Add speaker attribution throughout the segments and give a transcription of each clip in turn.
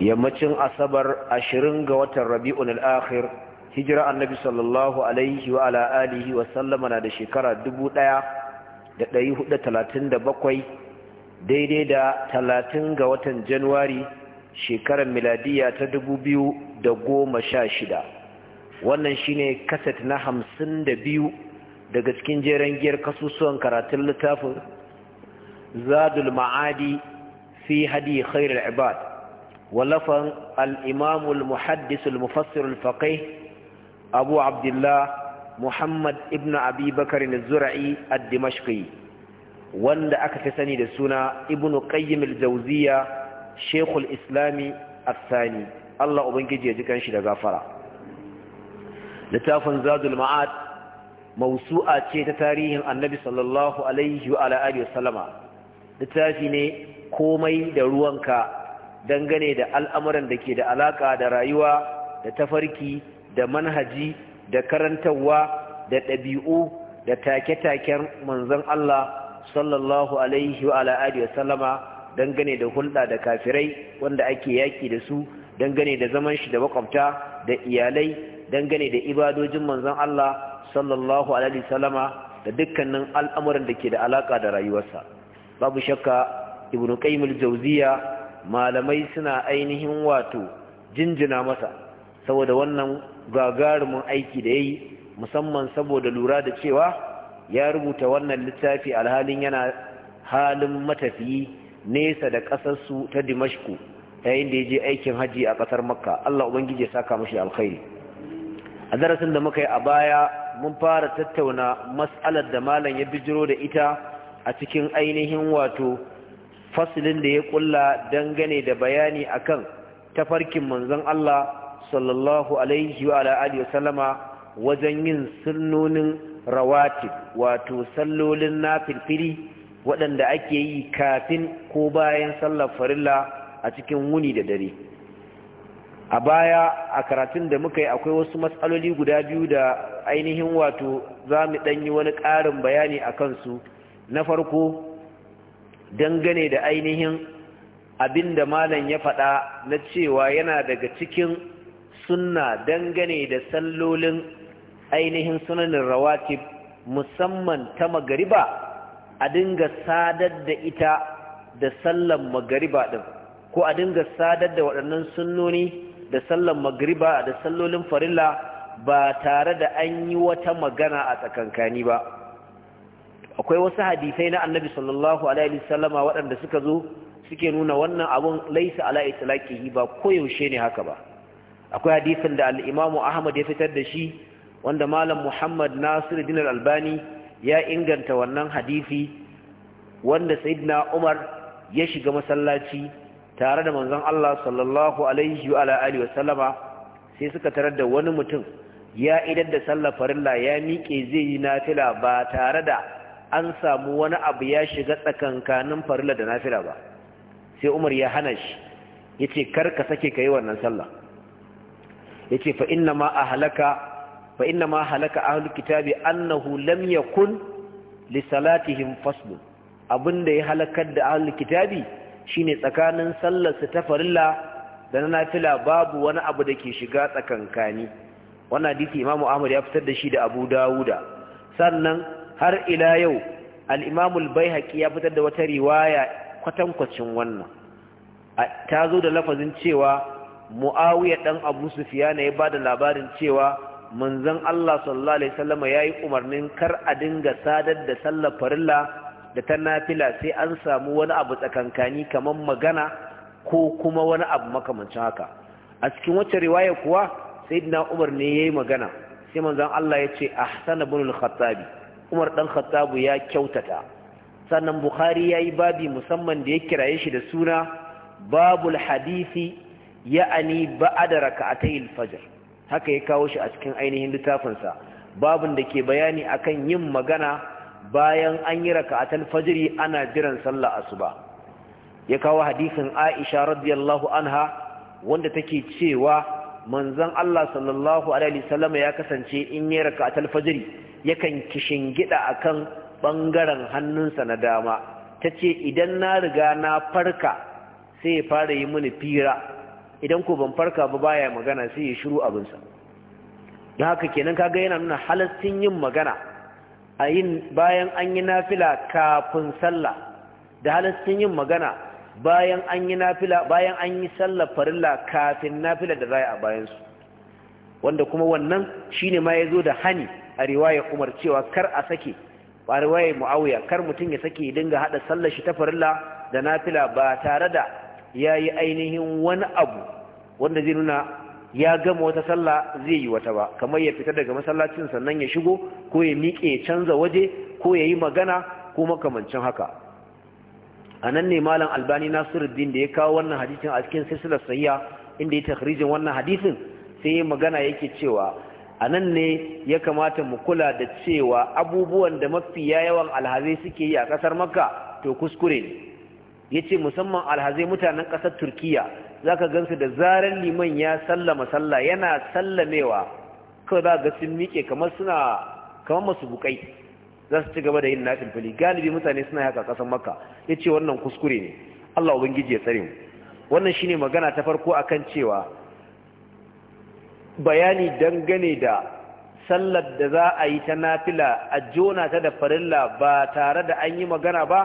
Speaker 1: yammacin asabar ashirin ga watan rabi'un al'akhir hijira annabi sallallahu alaihi wa ala’alihi wa sallama na da shekara dubu ɗaya da hudu talatin da bakwai daidai da talatin ga watan januwari shekarar miladiya ta dubu biyu da goma sha shida wannan shine kaset na hamsin da biyu daga cikin jeren giyar kasusuwan karatun littafin zadul ma'adi fi hadi khairul ibad ولفن الإمام المحدث المفسر الفقيه أبو عبد الله محمد ابن أبي بكر الزرعي الدمشقي wanda aka fi sani da suna ibn qayyim al-jawziya shaykhul islami al-thani Allah ubangiji ya ji kanshi da gafara littafin zadul ma'ad mawsu'a ce ta tarihin annabi sallallahu alaihi wa alihi wasallama littafi ne komai da ruwanka dangane da al'amuran da ke da alaƙa da rayuwa da tafarki da manhaji da karantarwa da ɗabi'u da take-taken manzan Allah sallallahu alaihi wa ala'adu wa salama. dangane da hulɗa da kafirai wanda ake yaƙi da su dangane da zaman shi da makwabta da iyalai dangane da ibadojin manzon Allah sallallahu alaihi salama da dukkanin al'amuran da ke da alaƙa da rayuwarsa babu shakka Ibn qayyim al malamai suna ainihin wato jinjina masa saboda wannan gagarumin aiki da ya yi musamman saboda lura da cewa ya rubuta wannan littafi alhalin yana halin matafiyi nesa da ƙasarsu ta dimashku yayin da ya je aikin hajji a ƙasar makka allah ubangiji ya saka mashi alkhairi a darasin da muka yi a baya mun fara tattauna matsalar da malam ya bijiro da ita a cikin ainihin wato fasilin da ya kulla dangane da bayani akan tafarkin manzon Allah sallallahu alaihi wa alihi wajen yin sunnonin rawatib wato sallolin nafilfili waɗanda ake yi kafin ko bayan sallar farilla a cikin wuni da dare a baya a karatun da muka yi akwai wasu matsaloli guda biyu da ainihin wato za mu ɗanyi wani ƙarin bayani a kansu na farko dangane da ainihin abin da malam ya faɗa na cewa yana daga cikin sunna dangane da sallolin ainihin sunanin rawatib musamman ta magariba a dinga sadar da ita da sallan magariba ɗin ko a dinga sadar da waɗannan sunnoni da sallan magariba da sallolin farilla ba tare da an yi wata magana a tsakankani ba akwai wasu hadisai na annabi sallallahu alaihi wasallama waɗanda suka zo suke nuna wannan abun laisa ala itlaqihi ba koyaushe ne haka ba akwai hadisin da al-imamu ahmad ya fitar da shi wanda malam muhammad nasiruddin al-albani ya inganta wannan hadisi wanda sayyidina umar ya shiga masallaci tare da manzon Allah sallallahu alaihi wa alihi wasallama sai suka tarar da wani mutum ya idar da sallar farilla ya miƙe zai yi nafila ba tare da an samu wani abu ya shiga tsakankanin farilla da nafila ba sai umar ya hana shi ya ce ka sake ka yi wannan sallah ya ce fa'in na ma halaka ahalul kitabi annahu lam ya kun lissalatihin fasbu abinda ya halakar da ahalul kitabi ne tsakanin sallarsa ta farilla da na nafila babu wani abu da ke shiga tsakankani wannan hadisi imamu ahmad ya fitar da shi da abu dawuda sannan har ila yau Al'imamul imam al ya fitar da wata riwaya kwatankwacin wannan ta zo da lafazin cewa muawiya ɗan abu sufyan ya da labarin cewa manzon Allah sallallahu alaihi wasallam yi umarnin kar a dinga sadar da sallar farilla da ta nafila sai an samu wani abu tsakankani kamar magana ko kuma wani abu makamancin haka a cikin wacce riwaya kuwa sayyidina umar ne yayi magana sai manzon Allah ya ce ahsana ibn al-khattabi umar ɗan khattabu ya kyautata sannan bukhari ya yi babi musamman da ya kiraye shi da suna babul hadisi ya'ani ba'ada raka'atayil fajar. haka ya kawo shi a cikin ainihin littafinsa babin da ke bayani akan yin magana bayan an yi raka'atul fajri ana jiran sallah asuba ya kawo hadisin Aisha radiyallahu anha wanda take cewa manzon Allah sallallahu alaihi wasallam ya kasance in ya raka atal fajri yakan kishingida akan bangaren hannunsa na dama tace idan na riga na farka sai ya fara yi mini fira idan ko ban farka ba baya magana sai ya shiru abinsa dan haka kenan kaga yana nuna halastin yin magana a bayan an yi nafila kafin sallah da halastin yin magana bayan an yi nafila bayan an yi sallar farilla kafin nafila da zai a bayansu wanda kuma wannan shine ma ya zo da hani a riwayar umar cewa kar a sake a riwayar mu'awiya kar mutum ya sake ya dinga haɗa sallar shi ta farilla da nafila ba tare da ya yi ainihin wani abu wanda zai nuna ya gama wata sallah zai yi wata ba kamar ya fita daga masallacin sannan ya shigo ko ya miƙe ya canza waje ko ya yi magana ko makamancin haka a nan ne malam albani nasiruddin da ya kawo wannan hadisin a cikin silsilar sahiha inda ya takhrijin wannan hadisin sai ya magana yake cewa a nan ne ya kamata mu kula da cewa abubuwan da mafi yawan alhazai suke yi a ƙasar makka to kuskure ne ya ce musamman alhazai mutanen ƙasar turkiya za ka gansu da zarar liman ya sallama sallah yana sallamewa kawai za ga sun miƙe kamar suna kamar masu bukai za su ci gaba da yin fili galibi mutane suna yaka kasan maka ya ce wannan kuskure ne allah ubangiji ya tsare mu wannan shine magana ta farko akan cewa bayani dangane da sallar da za a yi ta nafila a jona ta da farilla ba tare da an yi magana ba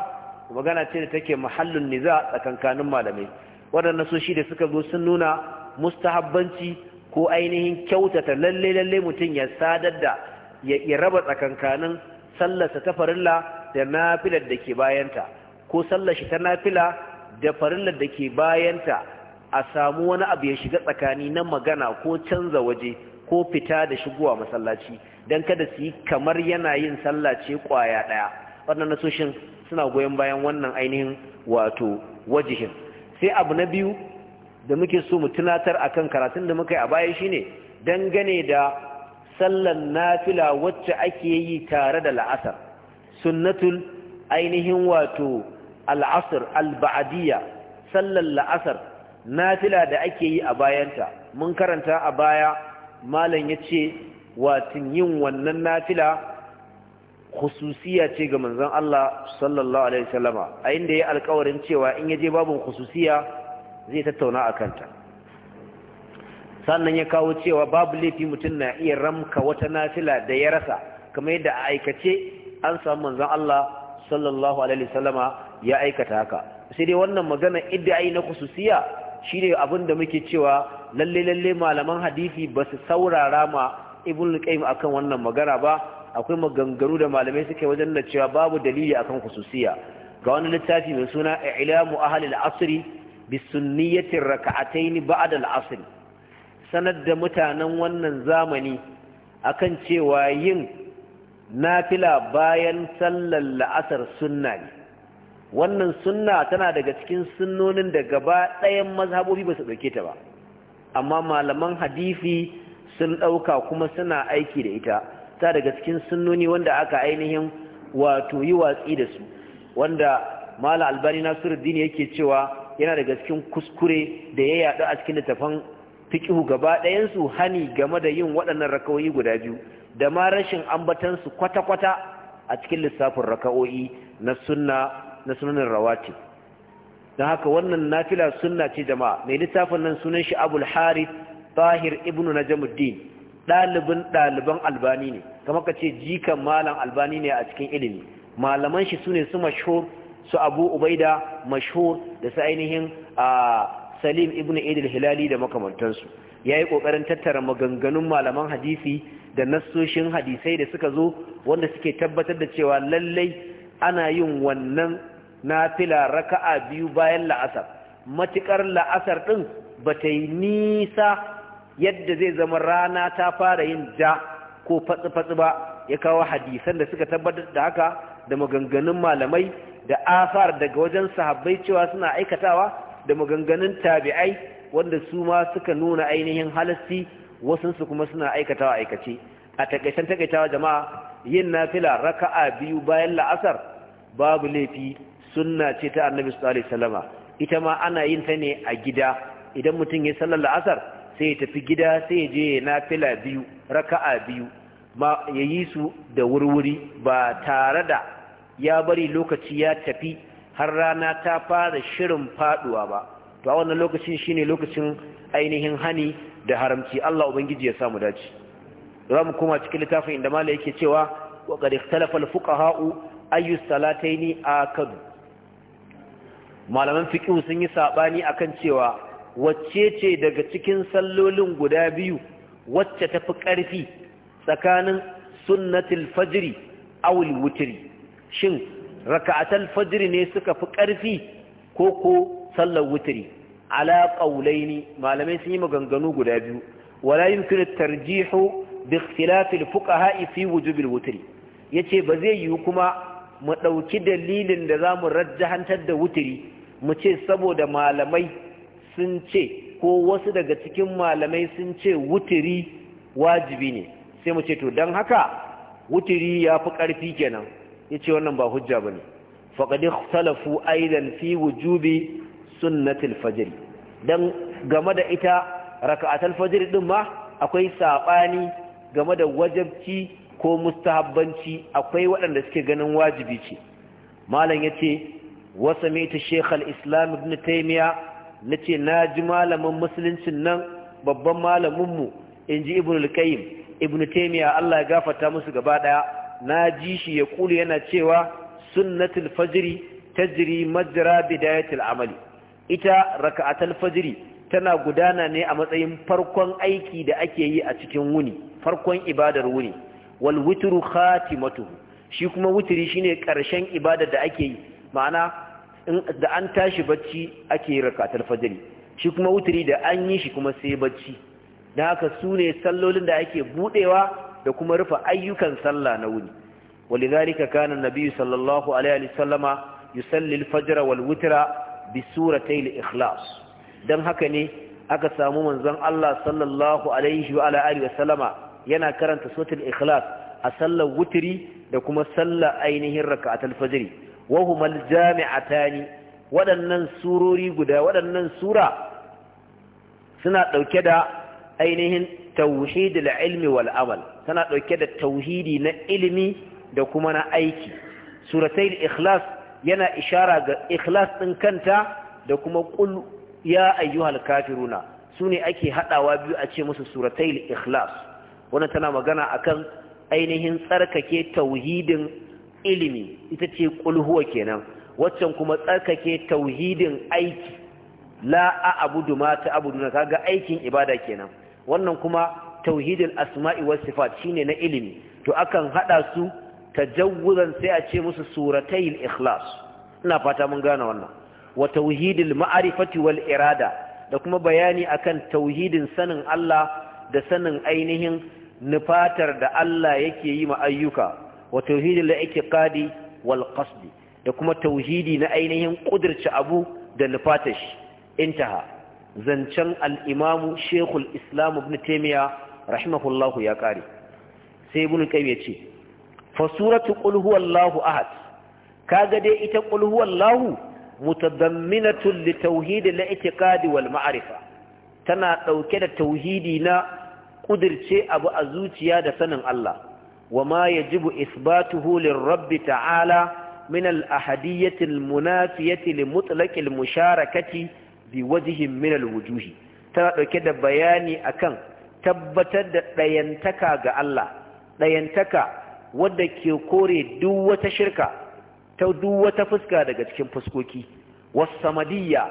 Speaker 1: magana ce da take mahallin niza tsakankanin malamai waɗanda so shi da suka zo sun nuna mustahabbanci ko ainihin kyautata lalle lalle mutum ya sadar da ya raba tsakankanin sallarsa ta farilla da nafilar da ke bayanta ko sallar ta nafila da farillar da ke bayanta a samu wani abu ya shiga tsakani na magana ko canza waje ko fita da shigowa masallaci don kada su yi kamar yana yin sallace kwaya ɗaya wannan nasoshin suna goyon bayan wannan ainihin wato wajihin sai abu na biyu da muke so mu tunatar akan karatun da muka yi a baya shine dangane da sallan nafila wacce ake yi tare da la'asar sunnatul ainihin wato al'asr alba'adiyya sallan la'asar nafila da ake yi a bayanta mun karanta a baya malam ya ce watin yin wannan nafila khususiya ce ga manzon Allah sallallahu alaihi wasallama a inda ya alƙawarin cewa in yaje babun khususiya zai tattauna a kanta sannan ya kawo cewa babu laifi mutum na iya ramka wata nafila da ya rasa kamar yadda a aikace an samu manzon Allah sallallahu alaihi wasallama ya aikata haka sai dai wannan magana ai na khususiya shine abin da muke cewa lalle lalle malaman hadisi ba su saurara ma ibn qayyim akan wannan magana ba akwai maganganu da malamai suke wajen da cewa babu dalili akan khususiya ga wani littafi mai suna ilamu ahli al-asr bisunniyati rak'atayn ba'da al-asr sanar da mutanen wannan zamani akan cewa yin nafila bayan sallar la'asar sunna ne wannan sunna tana daga cikin sunnonin da gaba ɗayan mazhabobi ba su ɗauke ta ba amma malaman hadifi sun ɗauka kuma suna aiki da ita ta daga cikin sunnoni wanda aka ainihin wato yi watsi da su wanda mala albani nasiruddin yake cewa yana daga cikin kuskure da ya yaɗu a cikin littafan fiƙihu gaba ɗayansu hani game da yin waɗannan raka'o'i guda biyu da ma rashin ambatansu kwata-kwata a cikin lissafin raka'o'i na sunna na sunanin rawati don haka wannan nafila sunna ce jama'a mai littafin nan sunan shi abul harith tahir ibnu najamuddin ɗalibin ɗaliban albani ne kamar ka ce jikan malam albani ne a cikin ilimi malaman shi su ne su mashhur su abu ubaida mashhur da su ainihin a ah, salim ibn idil hilali da makamantansu ya yi ƙoƙarin tattara maganganun malaman hadisi da nassoshin hadisai da suka zo wanda suke tabbatar da cewa lallai ana yin wannan nafila raka'a biyu bayan la'asar matuƙar la'asar ɗin ba ta yi nisa yadda zai zama rana ta fara yin ja ko fatsi-fatsi ba ya kawo hadisan da suka tabbatar da haka da maganganun malamai da asar daga wajen sahabbai cewa suna aikatawa da maganganun tabi'ai wanda su ma suka nuna ainihin halassi wasansu kuma suna aikatawa aikace a takaicen takaitawa jama'a yin nafila raka'a biyu bayan la'asar babu laifi sunna ce ta annabi sallallahu alaihi wasallama ita ma ana yin ta ne a gida idan mutum ya sallar la'asar sai ya tafi gida sai ya je nafila biyu raka'a biyu ma ya yi su da wurwuri ba tare da ya bari lokaci ya tafi har rana ta fara shirin faduwa ba to a wannan lokacin shine lokacin ainihin hani da haramci Allah ubangiji ya samu dace za mu koma cikin littafin inda mala yake cewa wa qad ikhtalafa al fuqaha ayu salataini akad malaman fiqh sun yi sabani akan cewa wacce ce daga cikin sallolin guda biyu wacce tafi ƙarfi tsakanin sunnatul fajri aw al-witri shin raka'atul fajr ne suka fi ƙarfi ko ko sallar wutri ala qawlaini malamai sun yi maganganu guda biyu wala yumkin tarjihu bi ikhtilaf al-fuqaha fi wujub al-wutri yace ba zai yi kuma mu dauki dalilin da za zamu rajjahantar da wutri mu ce saboda malamai sun ce ko wasu daga cikin malamai sun ce wutri wajibi ne sai mu ce to dan haka wutiri ya fi ƙarfi kenan yace wannan ba hujja bane faqad ikhtalafu aidan fi wujubi sunnatil fajr dan game da ita raka'atul fajr din ma akwai saɓani, game da wajibci ko mustahabbanci akwai waɗanda suke ganin wajibi ce malam yace wa sami'tu shaykh al-islam ibn taymiya nace na ji malamin musuluncin nan babban malamin mu inji ibn al-qayyim ibn taymiya Allah ya gafata musu gaba daya na ji shi ya kulu yana cewa sunnatul fajri tajri majra bidayatul amali ita raka'atul fajiri tana gudana ne a matsayin farkon aiki da ake yi a cikin wuni farkon ibadar wuni wal witru khatimatuhu shi kuma witri shine karshen ibadar da ake yi ma'ana da an tashi bacci ake raka'atul fajri shi kuma witri da an yi shi kuma sai bacci dan haka sune sallolin da ake budewa da kuma rufe ayyukan sallah na wuni walidhalika kana an nabi'u sallallahu alaihi wasallama yusalli al-fajr wal witra bi suratay al-ikhlas dan haka ne aka samu manzon Allah sallallahu alaihi wa alihi wasallama yana karanta suratul ikhlas a sallar wutiri da kuma sallar ainihin raka'atul fajr wa huma al-jami'atani waɗannan surori guda waɗannan sura suna ɗauke da ainihin tauhidul ilmi wal amal tana ɗauke da tauhidi na ilimi da kuma na aiki suratai ikhlas yana ishara ga ikhlas ɗin kanta da kuma ƙul ya ayyuhal kafiruna su ne ake haɗawa biyu a ce musu suratai ikhlas wannan tana magana akan ainihin tsarkake tauhidin ilimi ita ce ƙulhuwa kenan waccan kuma tsarkake tauhidin aiki la a abudu ma ta abudu na kaga aikin ibada kenan wannan kuma Tauhidin asma'i was sifat shine na ilimi to akan hada su tajawuzan sai a ce musu suratayil ikhlas ina fata mun gane wannan wa tauhidul ma'rifati wal irada da kuma bayani akan tauhidin sanin Allah da sanin ainihin nufatar da Allah yake yi ma ayyuka wa tauhidil i'tiqadi wal qasdi da kuma tauhidi na ainihin kudirce abu da nufatar shi intaha zancen al-imamu shekul islam ibn taymiya rahimahullahu ya kare sai ibn qayyim ya ce fa suratu qul huwallahu ahad kaga dai ita qul huwallahu mutadamminatun li tauhid al-i'tiqad wal ma'rifa tana dauke da tauhidi na kudirce abu a zuciya da sanin Allah wa ma yajibu isbatuhu rabbi ta'ala min al-ahadiyyati al-munafiyati li mutlaqi al-musharakati bi wajhin min al-wujuhi tana dauke da bayani akan tabbatar da ɗayantaka ga Allah ɗayantaka wadda ke kore duk wata shirka ta duk wata fuska daga cikin fuskoki wasamadiyya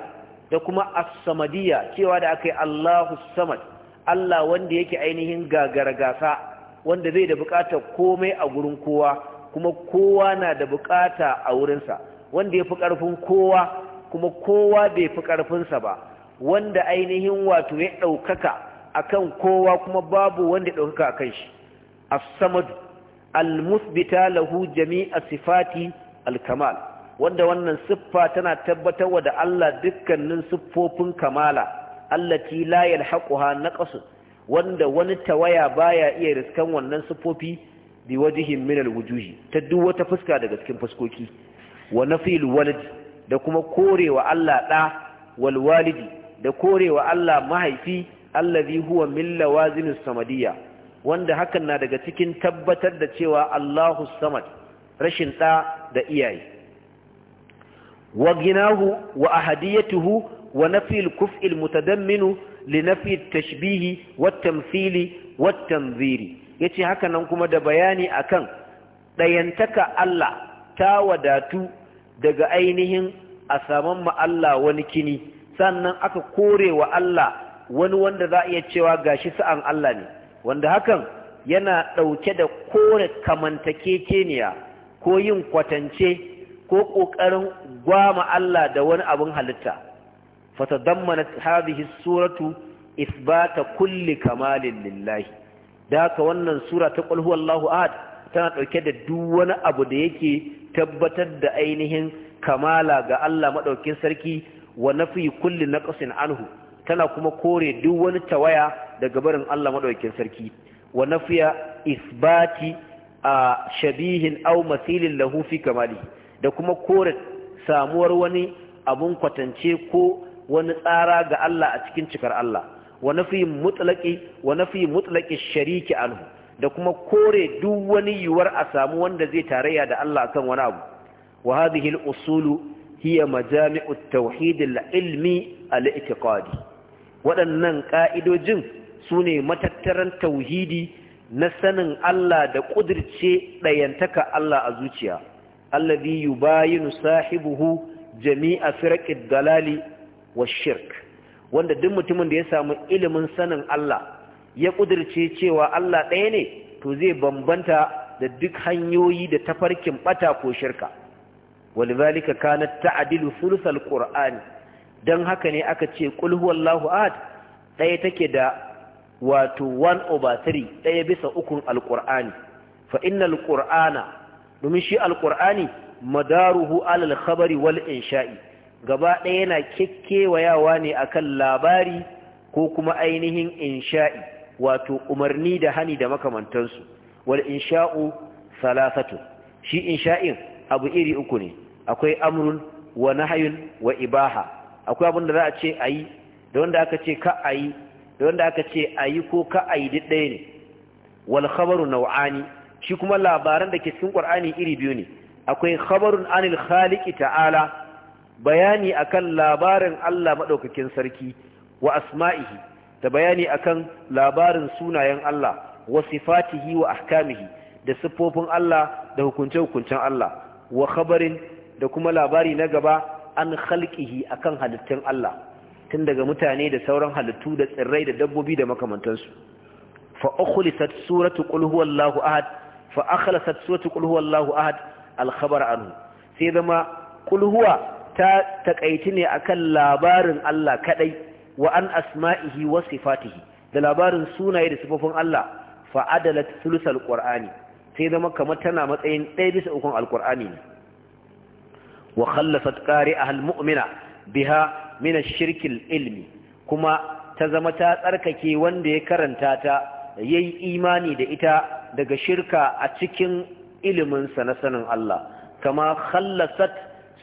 Speaker 1: da kuma a samadiyya cewa da aka yi Allahu samad Allah wanda yake ainihin gagara gasa wanda zai da bukatar komai a gurin kowa kuma kowa na da bukata a wurinsa wanda ya fi ƙarfin kowa kuma kowa bai fi ƙarfinsa ba wanda ainihin wato ya ɗaukaka akan kowa kuma babu wanda ya ɗaukaka akan shi as samadu al-musbita lahu jami'a sifati al-kamal wanda wannan siffa tana tabbatar wa da Allah dukkanin siffofin kamala allati la yalhaquha naqas wanda wani tawaya baya iya riskan wannan siffofi bi wajhin min al-wujuhi ta duk wata fuska daga cikin fuskoki wa nafil walad da kuma korewa Allah da wal walidi da korewa Allah mahaifi allazi huwa milla lawazimis samadiyya wanda hakan na daga cikin tabbatar da cewa Allahu samad rashin da da iyaye wa ginahu wa ahadiyatuhu wa nafi al-kuf'i al-mutadamminu li nafi at-tashbihi wat-tamthili wat-tanziri yace haka nan kuma da bayani akan dayantaka Allah ta wadatu daga ainihin a saman ma Allah wani kini sannan aka kore wa Allah wani wanda za a iya cewa gashi sa'an Allah ne wanda hakan yana ɗauke da kore kamantakekeniya ko yin kwatance ko ƙoƙarin gwama Allah da wani abin halitta fatadammanat hadhihi suratu isbata kulli kamalin lillahi da haka wannan sura ta qul allahu ahad tana ɗauke da duk wani abu da yake tabbatar da ainihin kamala ga Allah maɗaukin sarki wa nafi kulli naqsin anhu tana kuma kore duk wani tawaya daga barin Allah maɗaukin sarki wa nafiya isbati a shabihin aw mathilin lahu fi kamali da kuma kore samuwar wani abun kwatance ko wani tsara ga Allah a cikin cikar Allah wa nafi mutlaqi wa nafi mutlaqi shariki anhu da kuma kore duk wani yiwuwar a samu wanda zai tarayya da Allah kan wani abu wa hadhihi al-usulu hiya majami'u at-tauhid al-ilmi al-i'tiqadi waɗannan ƙa'idojin su ne matattaran tauhidi na sanin Allah da ƙudirce ɗayantaka Allah a zuciya Allah allazi yubayinu sahibuhu jami'a firaqid dalali wa shirk wanda duk mutumin da ya samu ilimin sanin Allah ya ƙudirce cewa Allah ɗaya ne to zai bambanta da duk hanyoyi da tafarkin ɓata ko shirka zalika kanar ta'adilu sulusal qur'ani don haka ne aka ce huwallahu ahad ɗaya take da wato 1 over 3 ɗaya bisa ukun alƙur'ani fa inna alƙur'ana domin shi alƙur'ani madaruhu alal khabari wal insha'i gaba ɗaya yana kekkewayawa ne akan labari ko kuma ainihin insha'i wato umarni da hani da makamantansu wal insha'u salasatu shi insha'in abu iri uku ne akwai amrun wa nahayun wa ibaha akwai abin da za a ce a yi da wanda aka ce ka a yi da wanda aka ce a yi ko ka a yi duk ɗaya ne wal khabaru nau'ani shi kuma labaran da ke cikin qur'ani iri biyu ne akwai khabarun anil khaliqi ta'ala bayani akan labarin Allah madaukakin sarki wa asma'ihi da bayani akan labarin sunayen Allah wa sifatihi wa ahkamihi da siffofin Allah da hukunce-hukuncen Allah wa khabarin da kuma labari na gaba an khalqihi akan halittun Allah tun daga mutane da sauran halittu da tsirrai da dabbobi da makamantansu fa ukhlisat suratu qul huwallahu ahad fa akhlasat suratu qul huwallahu ahad al khabar anhu sai zama qul huwa ta takaiti ne akan labarin Allah kadai wa an asma'ihi wa sifatihi da labarin sunaye da sifofin Allah fa adalat thuluth qur'ani sai zama kamar tana matsayin ɗaya bisa ukun al ne wa khallafat qari'aha almu'mina biha min ash ilimi. kuma ta zama ta tsarkake wanda ya karanta ta yayi imani da ita daga shirka a cikin ilimin na sanin Allah kama khallasat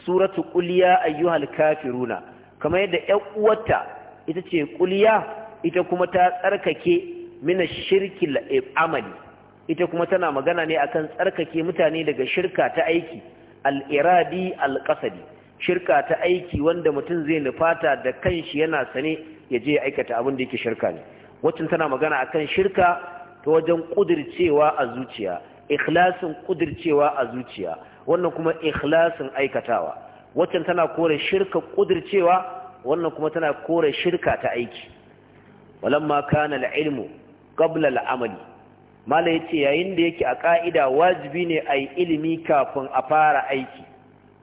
Speaker 1: suratu quliya ayyuhal kafiruna kama yadda ƴan uwarta ita ce quliya ita kuma ta tsarkake min ash ita kuma tana magana ne akan tsarkake mutane daga shirka ta aiki Al'iradi iradi shirka ta aiki wanda mutum zai nufata da kanshi yana sane ya je aikata abin da yake shirka ne wacin tana magana akan shirka ta wajen kudircewa a zuciya ikhlasin kudircewa a zuciya wannan kuma ikhlasin aikatawa wacin tana kore shirka kudircewa wannan kuma tana kore shirka ta aiki walamma kana al-ilmu qabla al-amali mala yace yayin da yake a ka'ida wajibi ne ai ilimi kafin a fara aiki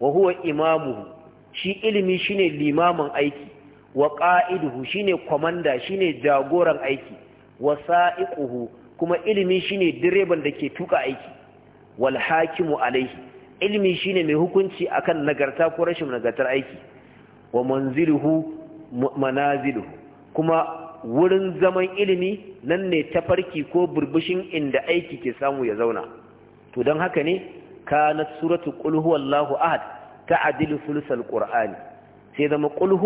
Speaker 1: wa huwa imamu shi ilimi shine limamin aiki wa qa'iduhu shine komanda shine jagoran aiki wa sa'iquhu kuma ilimi shine direban da ke tuka aiki wal hakimu alaihi ilimi shine mai hukunci akan nagarta ko rashin nagartar aiki wa manziluhu manaziluhu kuma wurin zaman ilimi nan ne ta farki ko burbushin inda aiki ke samu ya zauna to don haka ne na suratu qul huwallahu ahad ta ta'dilu sulsal qur'ani sai zama qul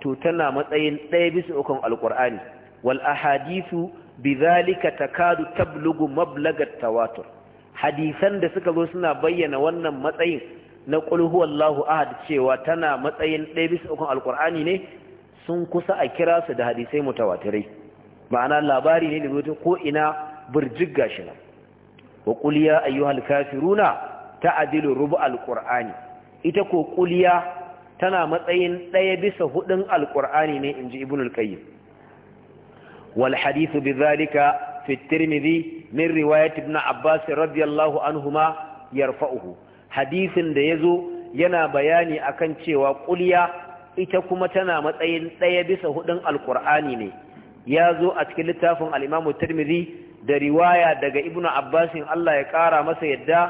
Speaker 1: to tana matsayin ɗaya bisa ukun alqur'ani wal ahadithu bidhalika takadu tablugu mablagar tawatur hadisan da suka zo suna bayyana wannan matsayin na qul huwallahu ahad cewa tana matsayin ɗaya bisa ukun alqur'ani ne sun kusa a kira su da hadisai mutawatirai ma'ana labari ne da zo ko ina burjig gashi nan wa ayyuhal kafiruna ta'dilu rub'al qur'ani ita ko quliya tana matsayin daya bisa hudun alqur'ani ne inji ibnu al-qayyim wal hadithu bidhalika fi at-tirmidhi min riwayat ibn abbas radiyallahu anhuma yarfa'uhu hadithin da yazo yana bayani akan cewa quliya ita kuma tana matsayin ɗaya bisa hudun alkur'ani ne ya zo a cikin littafin al'imamu tirmidhi da riwaya daga ibnu abbasin Allah ya ƙara masa yadda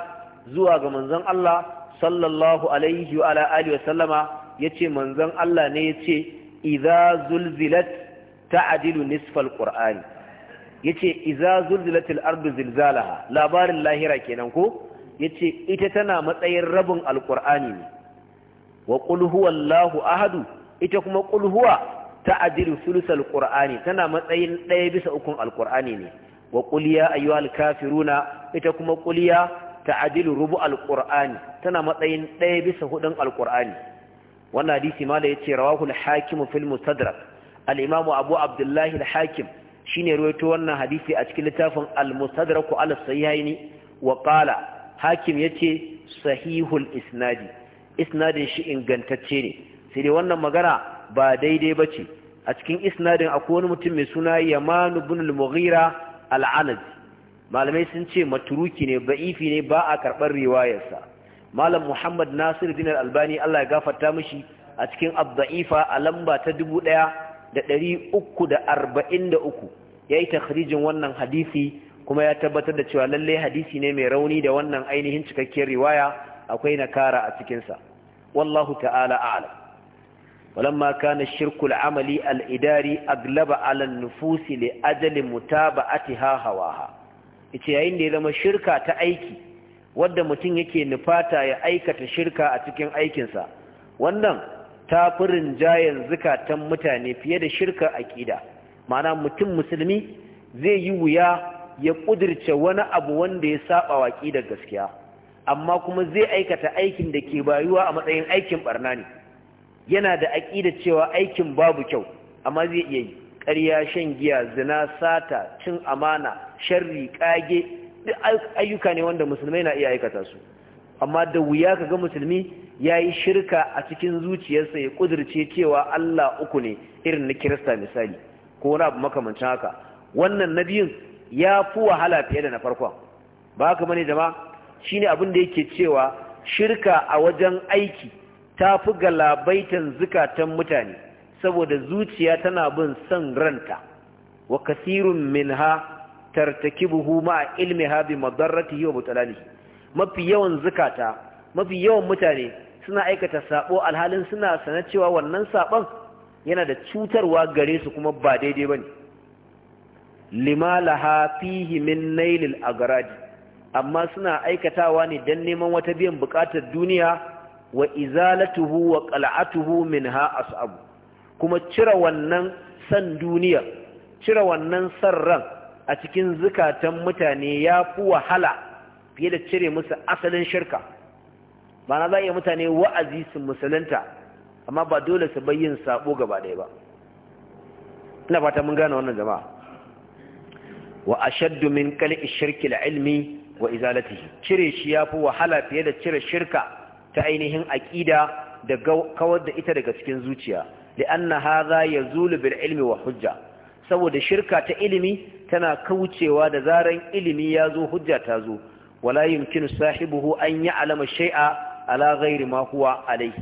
Speaker 1: zuwa ga manzon Allah sallallahu alaihi wa alihi wa sallama yace manzon Allah ne yace idza zulzilat ta'dilu nisfal qur'ani yace idza zulzilatil ardu zilzalaha labarin lahira kenan ko yace ita tana matsayin rabin alqur'ani ne wa qul ahadu ita kuma ƙulhuwa huwa ta'dilu sulusal ƙur'ani tana matsayin ɗaya bisa ukun Alƙur'ani ne wa qul ayyuhal kafiruna ita kuma ƙuliya ya ta'dilu rubu Alƙur'ani, tana matsayin ɗaya bisa hudun Alƙur'ani. wannan hadisi ma da yace rawahu al-hakim fil mustadrak al-imamu abu abdullah al-hakim shine ruwaito wannan hadisi a cikin littafin al-mustadrak ala sahihaini wa qala hakim yace sahihul isnadi isnadin shi ingantacce ne sai dai wannan magana ba daidai ba ce a cikin isnadin akwai wani mutum mai suna yamanu bin al-mughira al-anad malamai sun ce maturuki ne ba'ifi ne ba a karɓar riwayarsa malam muhammad nasir din al-albani Allah ya gafarta mishi a cikin abda'ifa a lamba ta dubu ɗaya da da ɗari arba'in 1343 yayi takhrijin wannan hadisi kuma ya tabbatar da cewa lallai hadisi ne mai rauni da wannan ainihin cikakkiyar riwaya akwai nakara a cikinsa wallahu ta'ala a'lam walamma kana shirkul amali al-idari aglaba ala nufusi li ajali mutaba'atiha hawaha yace yayin da ya zama shirka ta aiki wadda mutum yake nufata ya aikata shirka a cikin aikinsa wannan ta fi jayen zukatan mutane fiye da shirka aƙida ma'ana mutum musulmi zai yi wuya ya ƙudirce wani abu wanda ya saba wa da gaskiya amma kuma zai aikata aikin da ke bayuwa a matsayin aikin barna ne yana da aƙida cewa aikin babu kyau amma zai iya yi ƙarya shan giya zina sata cin amana sharri ƙage duk ayyuka ne wanda musulmai na iya aikata su amma da wuya ka ga musulmi ya yi shirka a cikin zuciyarsa ya ƙudurce cewa Allah uku ne irin na kirista misali ko wani abu makamancin haka wannan na biyun ya fi wahala fiye da na farkon ba haka bane jama'a shine abin da yake cewa shirka a wajen aiki ta fi galabaitan zukatan mutane saboda zuciya tana bin son ranta wa kasirun min minha buhu ma'a ha bi madarratihi wa butalanihi mafi yawan zukata mafi yawan mutane suna aikata sabo alhalin suna sana cewa wannan sabon yana da cutarwa gare su kuma ba daidai bane lima laha fihi min nailil agradi amma suna aikatawa ne don neman wata biyan bukatar duniya wa izalatuhu wa qal'atuhu minha as'abu kuma cire wannan san duniya cire wannan san ran a cikin zukatan mutane ya fi wahala fiye da cire musu asalin shirka ba na za a iya mutane wa'azi su musulunta amma ba dole su bayyin sabo gaba ɗaya ba ina fata mun gane wannan jama'a wa ashaddu min qal'i shirki al-ilmi wa izalatihi cire shi yafi wahala fiye da cire shirka ta ainihin aqida da kawar da ita daga cikin zuciya li'anna hadha yazulu bil ilmi wa hujja saboda shirka ta ilimi tana kaucewa da zaran ilimi ya zo hujja ta zo wala yumkinu sahibuhu an ya'lama shay'a ala ghairi ma huwa alayhi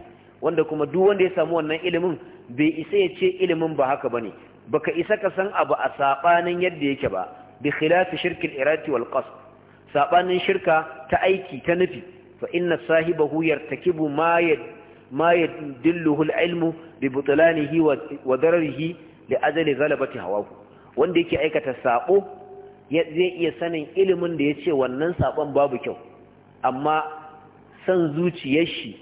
Speaker 1: wanda kuma duk wanda ya samu wannan ilimin bai isa ya ce ilimin ba haka bane baka isa ka san abu a sabanin yadda yake ba bi khilafi shirkil irati wal qasd sabanin shirka ta aiki ta nufi fa inna sahibahu yartakibu ma yad ma yadilluhu al bi butlanihi wa dararihi li ajali ghalabati hawahu wanda yake aikata sabo zai iya sanin ilimin da yace wannan sabon babu kyau amma san zuciyar shi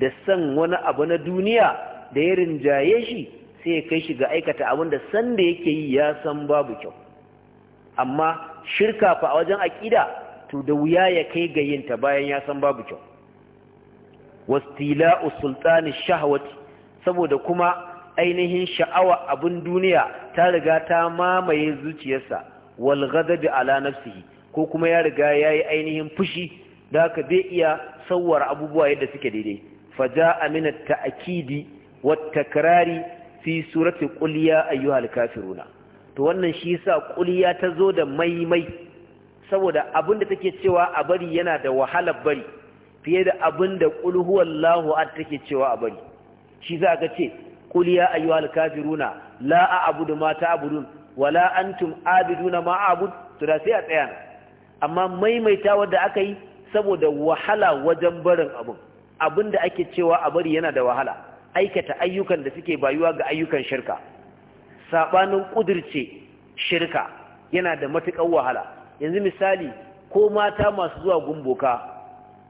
Speaker 1: da san wani abu na duniya da ya rinjaye shi sai ya kai shi ga aikata abin da san da yake yi ya san babu kyau amma shirka fa a wajen aƙida to da wuya ya kai ga yinta bayan ya san babu kyau wastila'u sultani shahwati saboda kuma ainihin sha'awa abin duniya ta riga ta mamaye zuciyarsa wal ghadabi ala nafsihi ko kuma ya riga yayi ainihin fushi da ka bai iya sawwar abubuwa yadda suke daidai faja'a min at-ta'kidi wat takrari fi surati qul ya ayyuhal kafiruna to wannan shi yasa qul ta zo da maimai saboda abin da take cewa a bari yana da wahalar bari fiye da abin da ƙulhuwar huwallahu take cewa a bari shi za ka ce qul ya ayyuhal la'a la a'budu ma ta'budun wala antum abiduna ma a'bud to da sai a tsaya amma maimaita wanda aka yi saboda wahala wajen barin abu, abin da ake cewa a bari yana da wahala aikata ayyukan da suke bayuwa ga ayyukan shirka saɓanin ƙudirce shirka yana da matuƙar wahala yanzu misali ko mata masu zuwa gumboka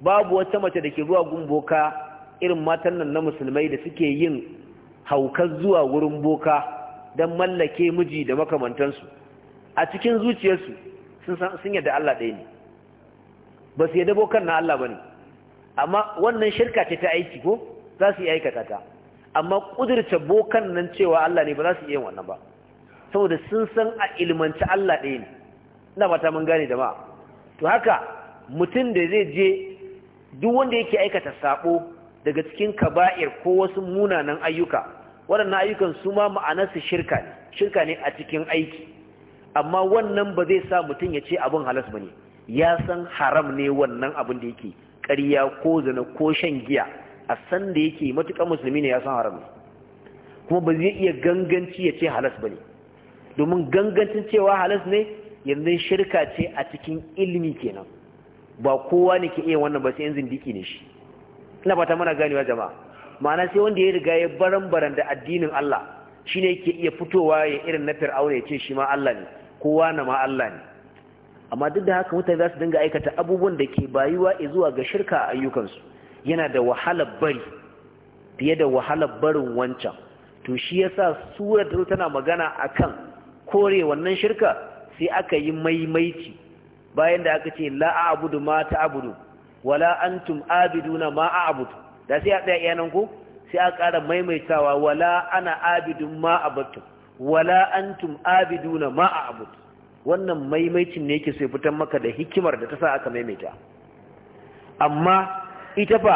Speaker 1: babu wata mace da ke zuwa gumboka irin matan nan na musulmai da suke yin haukar zuwa wurin boka don mallake miji da makamantansu a cikin zuciyarsu sun yadda Allah ɗaya ne ba su yadda bokan na Allah ba ne amma wannan shirka ce ta aiki ko za su yi aikata ta amma ƙudurta bokan nan cewa Allah ne ba za su iya yin wannan ba saboda sun san a ilmanci Allah ɗaya ne ina fata mun gane jama'a to haka mutum da zai je duk wanda yake aikata sabo daga cikin kaba'ir ko wasu munanan ayyuka waɗannan ayyukan su ma ma'anarsu shirka ne shirka ne a cikin aiki amma wannan ba zai sa mutum ya ce abin halas ba ne ya san haram ne wannan abin da yake ƙarya ko zana ko shan giya a san da yake matuƙar musulmi ne ya san haram ne kuma ba zai iya ganganci ya ce halas ba ne domin gangancin cewa halas ne yanzu shirka ce a cikin ilimi kenan ba kowa ne ke iya wannan ba sai yanzu diki ne shi ina fata mana ganewa jama'a ma'ana sai wanda ya riga ya baran-baran da addinin Allah shine yake iya fitowa ya irin na Fir'auna ya ce shi ma Allah ne kowa na ma Allah ne amma duk da haka mutane za su dinga aikata abubuwan da ke bayuwa zuwa ga shirka a ayyukansu yana da wahalar bari fiye da wahalar barin wancan to shi yasa suratul tana magana akan kore wannan shirka sai aka yi maimaici bayan da aka ce la a'budu ma ta abudu wala antum abiduna ma a a'budu da sai a tsaya iyanan ko sai aka ƙara maimaitawa wala ana abidun ma a batu wala antum abiduna ma a a'budu wannan maimaicin ne yake sai fitan maka da hikimar da ta sa aka maimaita amma ita fa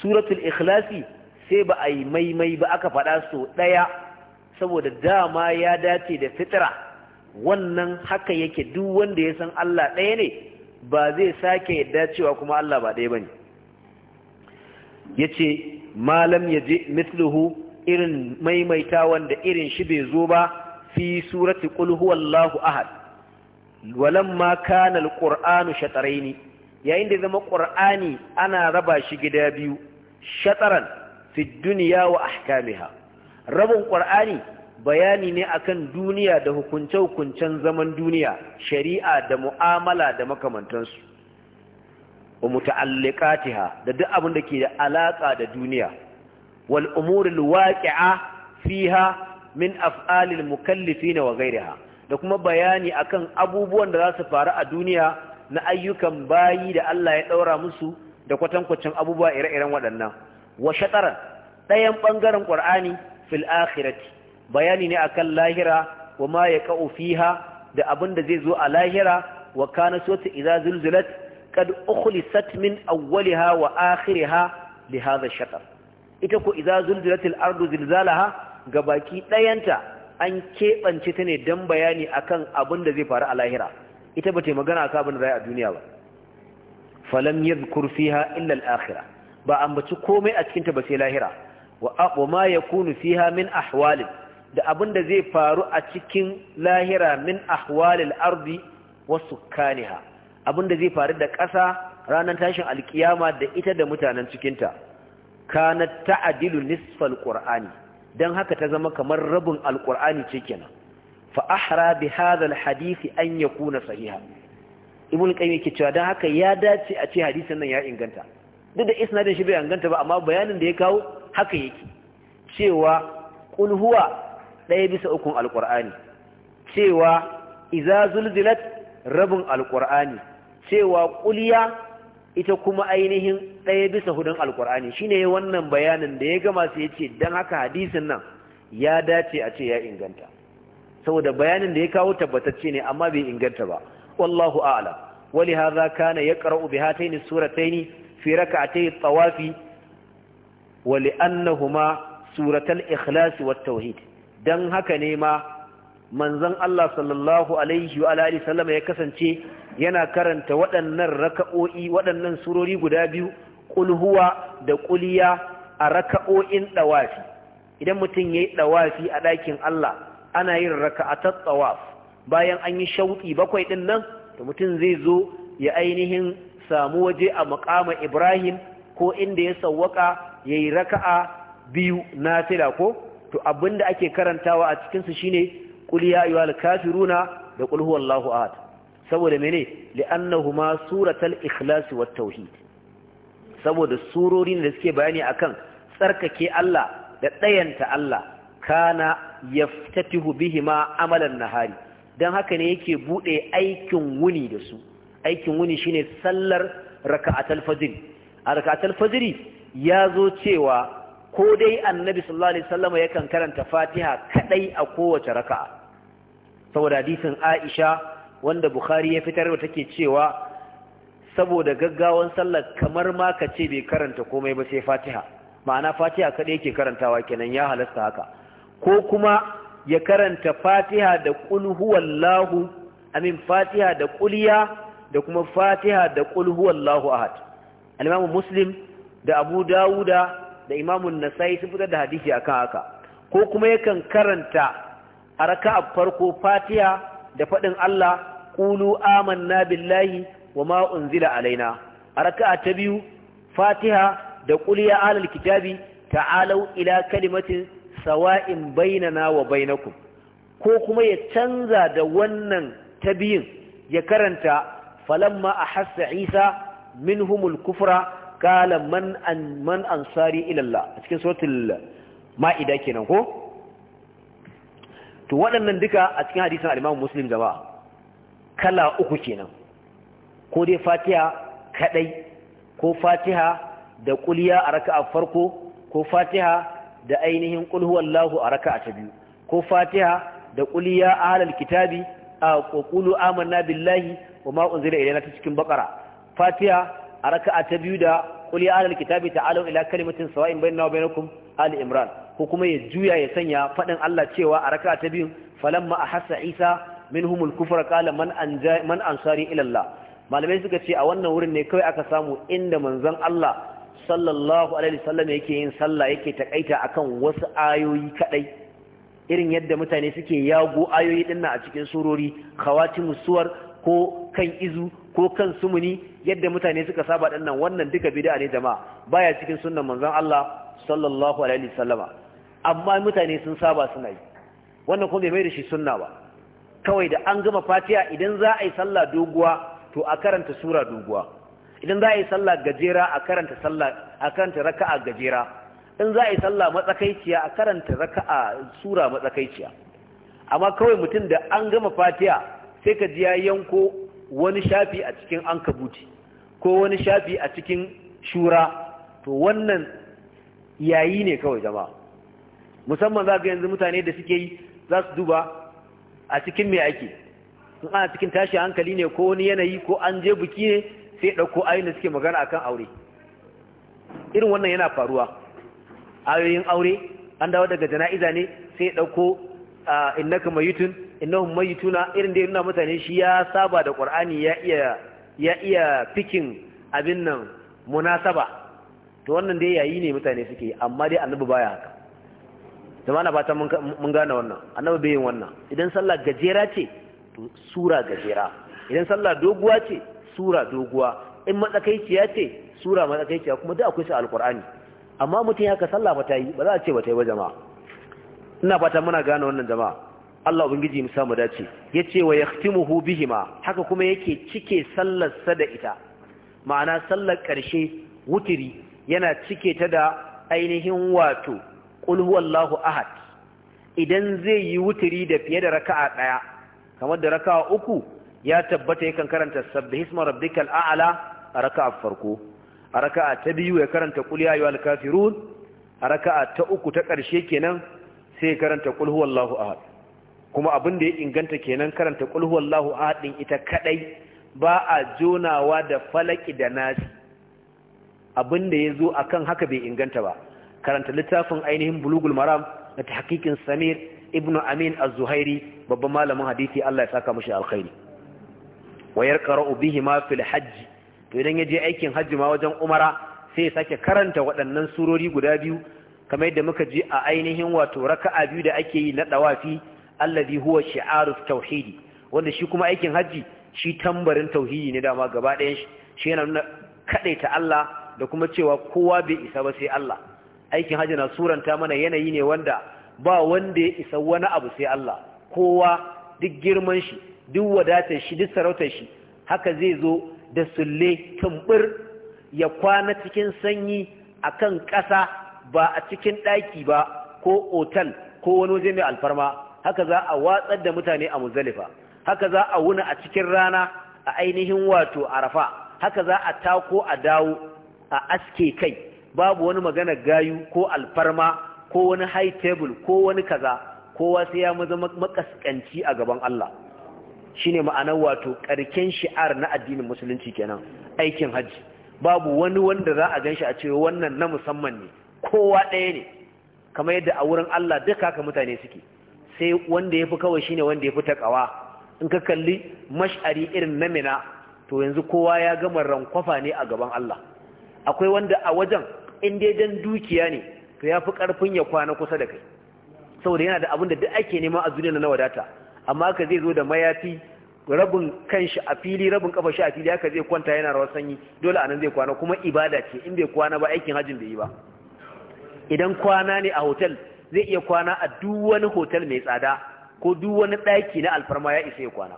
Speaker 1: suratul ikhlasi sai ba a yi maimai ba aka faɗa so ɗaya saboda dama ya dace da fitira wannan haka yake duk wanda ya san Allah ɗaya ne ba zai sake yadda cewa kuma Allah ba ɗaya bane ce malam ya je mislihu irin maimaita wanda irin shi bai zo ba fi surati qul Wallahu ahad Walan ma kana alqur'anu shataraini yayin da zama ƙur'ani ana raba shi gida biyu shataran fi dunya wa ahkamiha rabin ƙur'ani. bayani ne akan duniya da hukunce-hukuncen zaman duniya shari'a da mu'amala da makamantansu wa muta'allikatiha da duk abin da ke da alaka da duniya wal umuril waqi'a fiha min af'alil mukallifin wa ghayriha da kuma bayani akan abubuwan da za su faru a duniya na ayyukan bayi da Allah ya daura musu da kwatankwacin abubuwa ire-iren waɗannan wa shataran ɗayan ɓangaren ƙwar'ani fil akhirati bayani ne akan lahira wa ma yaqa'u fiha da abin da zai zo a lahira wa kana sota idza zulzilat kad ukhlisat min awwaliha wa akhiriha li hadha shatar ita ko idza zulzilatil ardu zilzalaha baki dayanta an kebance ta ne dan bayani akan abin da zai faru a lahira ita ba ta magana akan abin da zai a duniya ba falam yadhkur fiha illa al-akhirah ba bace komai a cikin ta ba sai lahira wa ma yakunu fiha min ahwalin da abin da zai faru a cikin lahira min ahwalil ardi wa sukkaniha abin da zai faru da ƙasa ranar tashin alkiyama da ita da mutanen cikinta kanat ta'dilu nisfal qur'ani dan haka ta zama kamar rabin alqur'ani ce kenan fa ahra bi hadha alhadith an yakuna sahiha ibn qayyim yake cewa dan haka ya dace a ce hadisin nan ya inganta duk da isnadin shi bai inganta ba amma bayanin da ya kawo haka yake cewa qul huwa ɗaya bisa ukun alƙur'ani cewa iza zulzilat rabin alƙur'ani cewa ƙuliya ita kuma ainihin ɗaya bisa hudun alƙur'ani shine wannan bayanin da ya gama su ya ce don haka hadisin nan ya dace a ce ya inganta saboda bayanin da ya kawo tabbatacce ne amma bai inganta ba wallahu a'lam ولهذا كان يقرأ بهاتين السورتين في ركعتي الطواف suratal ikhlasi wat tauhid don haka ne ma manzon Allah sallallahu alaihi wa alihi sallama ya kasance yana karanta waɗannan raka'o'i waɗannan surori guda biyu qul huwa da quliya a raka'o'in dawafi idan mutum yayi dawafi a ɗakin Allah ana yin raka'atat tawaf bayan an yi shauƙi bakwai ɗin nan to mutum zai zo ya ainihin samu waje a maqama Ibrahim ko inda ya sawwaka yayi raka'a biyu nafila ko to abinda ake karantawa a cikin su shine qul ya ayyuhal kafiruna da qul huwallahu ahad saboda mene li'annahuma suratal ikhlas wat tauhid saboda surorin da suke bayani akan tsarkake Allah da dayanta Allah kana yaftatihu bihima amalan nahari dan haka ne yake bude aikin wuni da su aikin wuni shine sallar raka'atul fajr a raka'atul fajr ya zo cewa ko dai annabi sallallahu alaihi wasallam yakan karanta fatiha kadai a kowace raka'a saboda hadisin aisha wanda bukhari ya fitar da take cewa saboda gaggawan sallar kamar ma ka ce bai karanta komai ba sai fatiha ma'ana fatiha kadai yake karantawa kenan ya halasta haka ko kuma ya karanta fatiha da qul huwallahu amin fatiha da quliya da kuma fatiha da qul huwallahu ahad al-imam muslim da abu dawuda da imamun nasai sun fitar da hadisi akan haka ko kuma yakan karanta a a farko fatiha da faɗin Allah aman amanna billahi ma'un zila alaina a raka'a ta biyu fatiha da ƙuliya alal kitabi kitabi ta'alau ila kalimatin sawa'in bainana wa bainakum ko kuma ya canza da wannan ta biyun ya karanta falamma hassa isa humul kufra qala man man ansari ila a cikin suratul ma'ida kenan ko to waɗannan duka a cikin hadisin al-Imam Muslim jama'a kala uku kenan ko dai Fatiha kadai ko Fatiha da kuliya a raka'a farko ko Fatiha da ainihin qul huwallahu a raka'a ta biyu ko Fatiha da a halar kitabi a qulu amanna billahi wa ma unzila ilayna cikin baqara Fatiha a raka'a ta biyu da qul ya ahlal kitabi ta'alu ila kalimatin sawa'in bainana wa bainakum ali imran ko kuma ya juya ya sanya fadin Allah cewa a raka'a ta biyu falamma ahassa isa minhumul kufra qala man anja man ansari ila Allah malamai suka ce a wannan wurin ne kawai aka samu inda manzon Allah sallallahu alaihi wasallam yake yin sallah yake takaita akan wasu ayoyi kadai irin yadda mutane suke yago ayoyi dinnan a cikin surori khawatimus suwar ko kan izu ko kan sumuni yadda mutane suka saba ɗan nan wannan duka bid'a ne jama'a baya cikin sunnan manzon Allah sallallahu alaihi wasallama amma mutane sun saba suna yi wannan kuma bai mai da shi sunna ba kawai da an gama fatiha idan za a yi sallah doguwa to a karanta sura doguwa idan za a yi sallah gajera a karanta sallah a karanta raka'a gajera in za a yi sallah matsakaiciya a karanta raka'a sura matsakaiciya amma kawai mutum da an gama fatiha sai ka ji ya yanko wani shafi a cikin ankabuti ko wani shafi a cikin shura to wannan yayi ne kawai jama'a musamman za ga yanzu mutane da suke yi za su duba a cikin me ake in ana cikin tashi hankali ne ko wani yanayi ko an je buki ne sai ɗauko da suke magana akan aure irin wannan yana faruwa ayoyin aure an dawo daga jana'iza ne sai ɗauko innaka yutun innahum mayituna irin da yana mutane shi ya saba da qur'ani ya iya ya iya fikin abin nan munasaba to wannan dai yayi ne mutane suke amma dai annabi baya haka Zama na bata mun gane wannan annabi bai yin wannan idan sallah gajera ce to sura gajera idan sallah doguwa ce sura doguwa in matsakaiciya ce sura matsakaiciya kuma duk akwai shi alqur'ani amma mutum haka sallah ba ta yi ba za a ce ba ta yi ba jama'a ina fata muna gane wannan jama'a Allah ubangiji mu samu dace yace wa yahtimuhu bihima haka kuma yake cike sallar sa da ita ma'ana sallar karshe wutiri yana cike ta da ainihin wato qul huwallahu ahad idan zai yi wutiri da fiye da raka'a daya kamar da raka'a uku ya tabbata yakan karanta subbihisma rabbikal a'la a raka'a farko a raka'a ta biyu ya karanta qul ya ayyuhal kafirun a raka'a ta uku ta karshe kenan sai karanta qul huwallahu ahad kuma abin da ya inganta kenan karanta qul Wallahu ahad ita kadai ba a jonawa da falaki da nasi abin da ya a kan haka bai inganta ba karanta littafin ainihin bulugul maram da ta hakikin samir ibnu amin az-zuhairi babban malamin hadisi Allah ya saka mishi alkhairi wayar qara'u bihi ma fil hajj to idan ya je aikin hajji ma wajen umara sai ya sake karanta waɗannan surori guda biyu kamar yadda muka je a ainihin wato raka'a biyu da ake yi na dawafi alladhi huwa shi'arut tauhidi wanda shi kuma aikin haji shi tambarin tauhidi ne dama gaba ɗayan shi shi yana nuna kadaita Allah da kuma cewa kowa bai isa ba sai Allah aikin haji na suranta mana yanayi ne wanda ba wanda ya isa wani abu sai Allah kowa duk girman shi duk wadatar shi duk sarautar shi haka zai zo da sulle tumbur ya kwana cikin sanyi akan ƙasa ba a cikin ɗaki ba ko otal ko wani waje mai alfarma haka za a watsar da mutane a muzalifa haka za a wuna a cikin rana a ainihin wato arafa haka za a tako a dawo a aske kai babu wani magana gayu ko alfarma ko wani high table ko wani kaza kowa sai ya maza makaskanci a gaban Allah shine ma'anar wato karken shi'ar na addinin musulunci kenan aikin hajji babu wani wanda za a ganshi a cewa wannan na musamman ne kowa ɗaya ne kamar yadda a wurin Allah duka haka mutane suke sai wanda ya fi kawai shine wanda ya fi taƙawa in ka kalli mash'ari irin namina, to yanzu kowa ya gama rankwafa ne a gaban Allah akwai wanda a wajen in dai dan dukiya ne to ya fi ƙarfin ya kwana kusa da kai saboda yana da abin da duk ake nema a duniya na wadata amma ka zai zo da mayafi rabin kanshi a fili rabin kafa shi a fili haka zai kwanta yana rawar sanyi dole a nan zai kwana kuma ibada ce in bai kwana ba aikin hajjin bai yi ba idan kwana ne a hotel zai iya kwana a duk wani hotel mai tsada ko duk wani ɗaki na alfarma ya isa ya kwana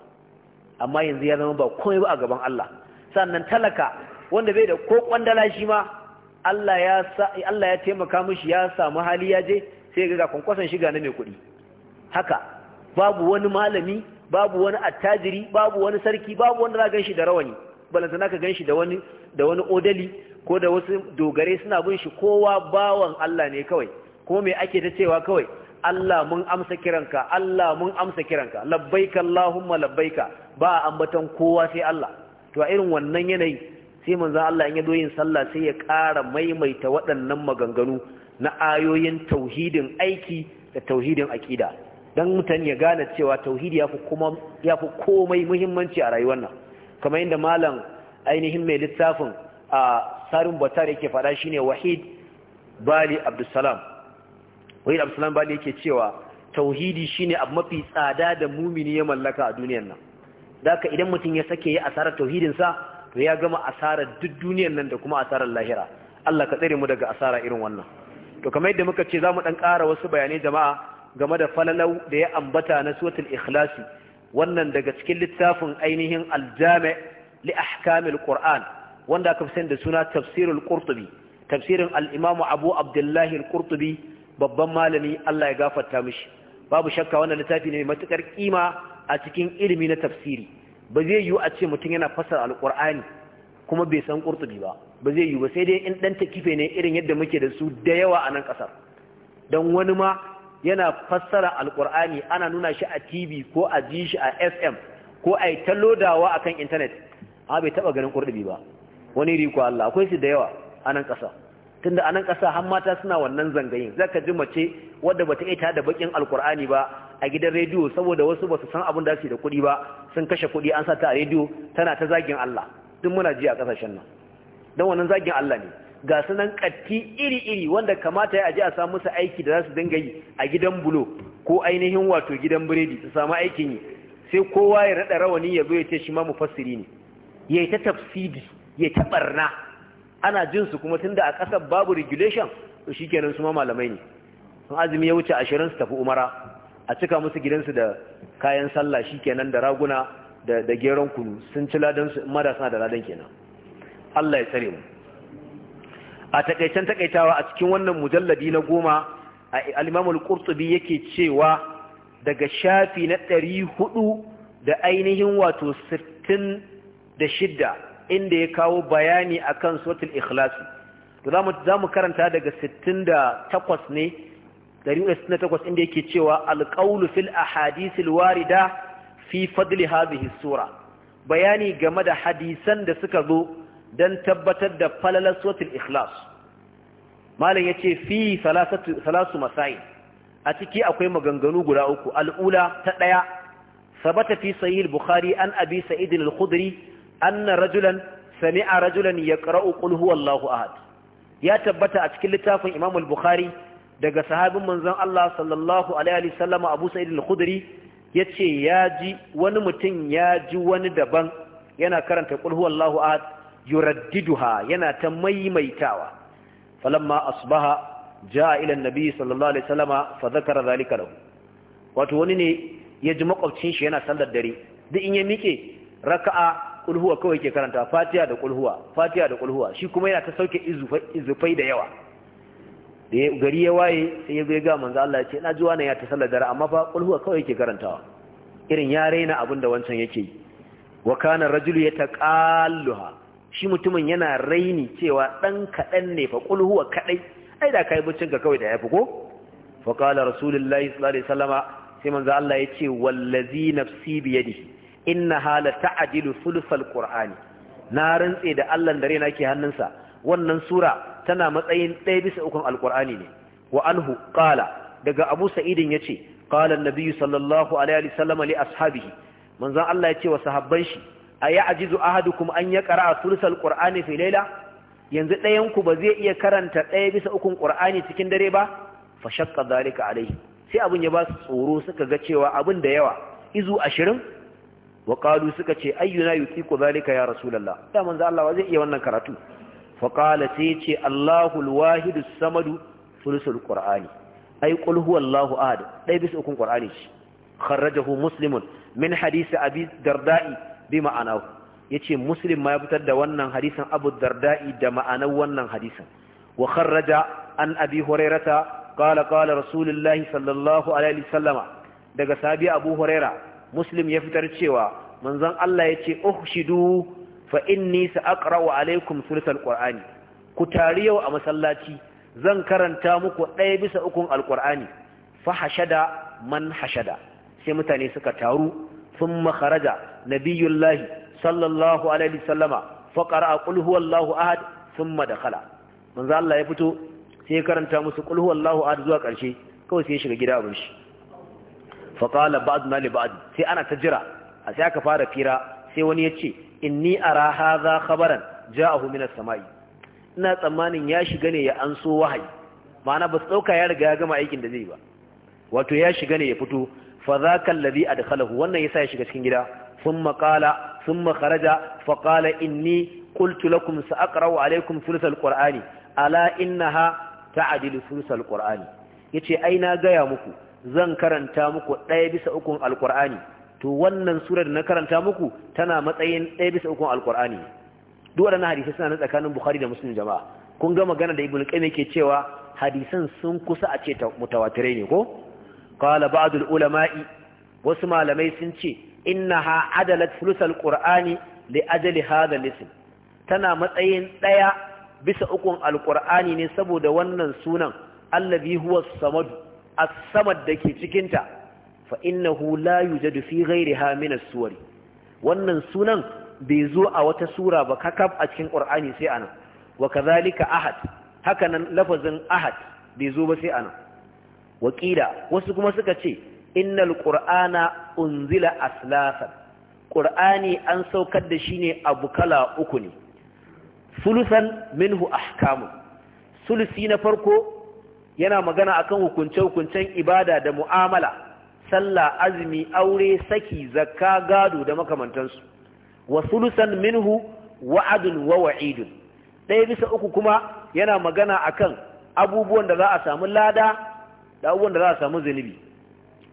Speaker 1: amma yanzu ya zama ba komai ba a gaban Allah sannan talaka wanda bai da ko kwandala shi ma Allah ya Allah ya taimaka mishi ya samu hali ya je sai ga kwankwason shiga na mai kuɗi haka babu wani malami babu wani attajiri babu wani sarki babu wanda za ganshi da rawani balantana ka ganshi da wani da wani odali ko da wasu dogare suna bin shi kowa bawan Allah ne kawai ko me ake ta cewa kawai Allah mun amsa kiranka Allah mun amsa kiranka labbaika Allahumma labbaika ba ambaton kowa sai Allah to a irin wannan yanayi sai manzon Allah in ya doyin sallah sai ya ƙara maimaita waɗannan maganganu na ayoyin tauhidin aiki da tauhidin akida dan mutane ya gane cewa tauhidi yafi kuma yafi komai muhimmanci a rayuwar nan kamar yadda malam ainihin mai littafin a sarin batar yake faɗa shine wahid bali abdussalam wahid abdulsalam bali yake cewa tauhidi shine abu mafi tsada da mumini ya mallaka a duniyar nan daka idan mutum ya sake ya asarar tauhidin sa to ya gama asarar duk duniyar nan da kuma asarar lahira Allah ka tsare mu daga asara irin wannan to kamar yadda muka ce zamu dan ƙara wasu bayanai jama'a game da falalau da ya ambata na suratul ikhlasi wannan daga cikin littafin ainihin aljami li ahkamil qur'an wanda aka fi da suna tafsirul qurtubi tafsirin al-imamu abu abdullahi al-qurtubi babban malami Allah ya gafarta mishi babu shakka wannan littafi ne mai matukar kima a cikin ilimi na tafsiri ba zai yiwu a ce mutum yana fasar alkur'ani kuma bai san qurtubi ba ba zai yiwu ba sai dai in dan takife ne irin yadda muke da su da yawa a nan kasar dan wani ma yana fassara alkur'ani ana nuna shi a TV ko a ji shi a FM ko a yi lodawa akan internet amma bai taba ganin qurtubi ba wani riko Allah akwai su da yawa a nan kasar tunda a ƙasa har mata suna wannan zangayin za ji mace wadda bata iya tada bakin alkur'ani ba a gidan rediyo saboda wasu ba su san abin da su da kuɗi ba sun kashe kuɗi an sa ta a rediyo tana ta zagin Allah duk muna ji a kasashen nan don wannan zagin Allah ne ga su nan iri-iri wanda kamata ya aje a samu musu aiki da za su dinga yi a gidan bulo ko ainihin wato gidan biredi su samu aikin yi sai kowa ya raɗa rawani ya zo ya ce shi ma mufassiri ne ya ta tafsiri ya ta ɓarna ana jin su kuma tunda a ƙasar babu regulation to shikenan su ma malamai ne sun azumi ya wuce 20 su tafi umara a cika musu gidansu da kayan sallah shikenan da raguna da da geron kunu sun ci ladan su mada suna da ladan kenan Allah ya tsare mu a takaicen takaitawa a cikin wannan mujalladi na goma al-Imam al-Qurtubi yake cewa daga shafi na 400 da ainihin wato 66 inda ya kawo bayani akan suratul ikhlas to zamu mu karanta daga 68 ne 168 inda yake cewa alƙaulu fil ahadithil warida fi fadli hadhihi sura bayani game da hadisan da suka zo dan tabbatar da falalar suratul ikhlas malam yace fi salasatu salasu masail a ciki akwai maganganu guda uku al'ula ta daya sabata fi sahih bukhari an abi sa'id al-khudri anna rajulan sami'a rajulan yaqra'u qul huwallahu ahad ya tabbata a cikin littafin Imam al-Bukhari daga sahabin manzon Allah sallallahu alaihi wa sallam Abu Sa'id al-Khudri yace ya ji wani mutum ya ji wani daban yana karanta qul huwallahu ahad yuraddiduha yana ta maimaitawa falamma asbaha jaa ila an-nabi sallallahu alaihi wa sallam fa dhakara dhalika lahu wato wani ne ya ji makwabcin shi yana sallar dare duk in ya mike raka'a kulhuwa kawai ke karanta fatiha da kulhuwa fatiha da kulhuwa shi kuma yana ta sauke izufai da yawa da gari ya waye sai ya ga manzo Allah ya ce na ji wannan ya ta sallar dare amma fa kulhuwa kawai ke karantawa irin ya raina abin da wancan yake yi wa kana rajulu yataqalluha shi mutumin yana raini cewa ɗan kaɗan ne fa kulhuwa kadai ai da kai bucin ka kawai da yafi ko fa qala rasulullahi sallallahu alaihi wasallama sai manzo Allah ya ce wallazi nafsi biyadihi inna hala ta'dilu sulusal qur'ani na rantse da Allah da na ke hannunsa wannan sura tana matsayin ɗaya bisa ukun alqur'ani ne wa anhu qala daga Abu Sa'idin yace qala an-nabiy sallallahu alaihi wa sallam li ashabihi manzon Allah yace wa sahabban shi aya ajizu ahadukum an yaqra'a sulusal qur'ani fi layla yanzu ɗayan ku ba zai iya karanta ɗaya bisa ukun qur'ani cikin dare ba fa shaqqa dhalika alaihi sai abun ya ba su tsoro suka ga cewa abun da yawa izu ashirin wa qalu suka ce ayyuna yuqiqu zalika ya rasulullah da manzo Allah wa zai iya wannan karatu fa qala sai ce Allahu wahidu samadu sulusul qur'ani ay qul huwallahu ahad dai bisa ukun qur'ani shi kharrajahu muslimun min hadisi abi darda'i bi ma'anahu yace muslim ma ya fitar da wannan hadisin abu darda'i da ma'anar wannan hadisin wa kharraja an abi hurairata qala qala rasulullahi sallallahu alaihi wasallama daga sabi abu huraira muslim ya fitar cewa manzon Allah ya ce uhshidu fa inni sa'aqra'u alaikum sulutul qur'ani ku tari yau a masallaci zan karanta muku ɗaya bisa ukun alqur'ani fa hashada man hashada sai mutane suka taru thumma kharaja nabiyullahi sallallahu alaihi wasallama fa qara'a qul huwallahu ahad thumma dakhala manzon Allah ya fito sai karanta musu qul huwallahu ahad zuwa ƙarshe kawai sai ya shiga gida abin shi faƙala ba'ad na liba'ad sai ana ta jira a sai aka fara fira sai wani ya ce inni ara haza khabaran ja'ahu minas sama'i ina tsammanin ya shiga ne ya anso wahayi ma'ana ba su ɗauka ya riga ya gama aikin da zai ba wato ya shiga ne ya fito fa za a ladhi adkhalahu wannan yasa ya shiga cikin gida thumma qala thumma kharaja fa qala inni qultu lakum sa'aqra'u alaykum thuluthal qur'ani ala innaha ta'dilu thuluthal qur'ani yace ai na gaya muku zan karanta muku ɗaya bisa ukun alkur'ani to wannan sura da na karanta muku tana matsayin ɗaya bisa ukun alkur'ani duk waɗannan hadisai suna na tsakanin bukhari da muslim jama'a kun ga magana da ibnu qayyim yake cewa hadisan sun kusa a ce mutawatirai ne ko qala ba'dul ulama'i wasu malamai sun ce innaha adalat fulusal qur'ani li ajali hadha lisan tana matsayin ɗaya bisa ukun alkur'ani ne saboda wannan sunan allazi huwa samadu as-samad dake cikin ta fa innahu la yujadu fi ghayriha min as-suwari wannan sunan bai zo a wata sura ba kakab a cikin qur'ani sai anan wa kadhalika ahad haka nan lafazin ahad bai zo ba sai anan Waƙila wasu kuma suka ce innal qur'ana unzila aslasan qur'ani an saukar da shi ne abu kala uku ne sulusan minhu ahkamun sulusi na farko yana magana akan hukunce-hukuncen ibada da mu'amala sallah azumi aure saki zakka gado da makamantansu wa sulusan minhu wa'adun wa wa'idun ɗaya bisa uku kuma yana magana akan abubuwan da za a samu lada da abubuwan da za a samu zunubi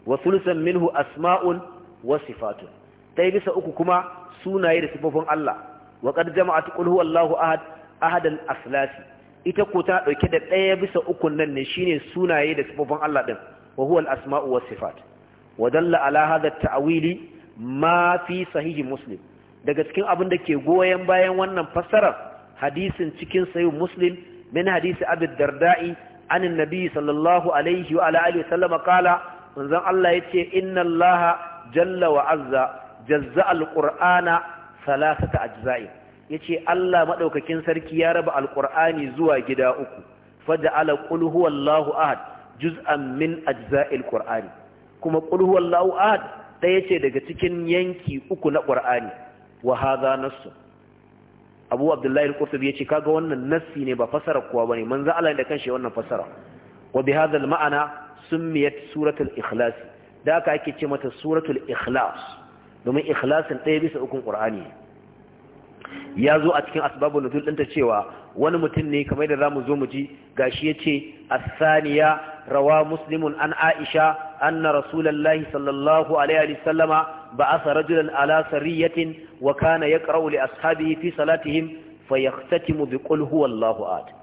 Speaker 1: wa sulusan minhu asma'un wa sifatun ɗaya bisa uku kuma sunaye da sifofin Allah wa qad jama'at qul huwallahu ahad ahad al-aslasi ita ko ta ɗauke da ɗaya bisa ukun nan ne shine sunaye da sifofin Allah ɗin wa huwa al-asma'u was sifat wa dalla ala hadha at-ta'wili ma fi sahih muslim daga cikin abin da ke goyen bayan wannan fassara hadisin cikin sahih muslim min hadisi abi darda'i an annabi sallallahu alaihi wa ala alihi sallam qala manzon Allah yace inna Allah jalla wa azza jazza al-qur'ana thalathata ajza'i ya ce Allah maɗaukakin sarki ya raba alƙur'ani zuwa gida uku fadda ala ƙulhu wallahu ahad juz'an min ajza'il ƙur'ani kuma ƙulhu wallahu ahad ɗaya ce daga cikin yanki uku na ƙur'ani wa haza nassu abu abdullahi al-qurtubi yace kaga wannan nassi ne ba fasara kuwa bane manzo Allah da kanshi wannan fasara wa bi hadha al-ma'ana summiyat suratul ikhlas da aka ake ce mata suratul ikhlas domin ikhlasin ɗaya bisa ukun ƙur'ani. ya zo a cikin da nuzul ɗinta cewa wani mutum ne kamar da mu zo mu ji gashi yace a saniya rawa muslimun an aisha an anna rasulullahi sallallahu alaihi wa sallama ba'atha rajulan ala sariyatin wa kana yaqra'u li ashabihi fi salatihim fayahtatimu bi a ta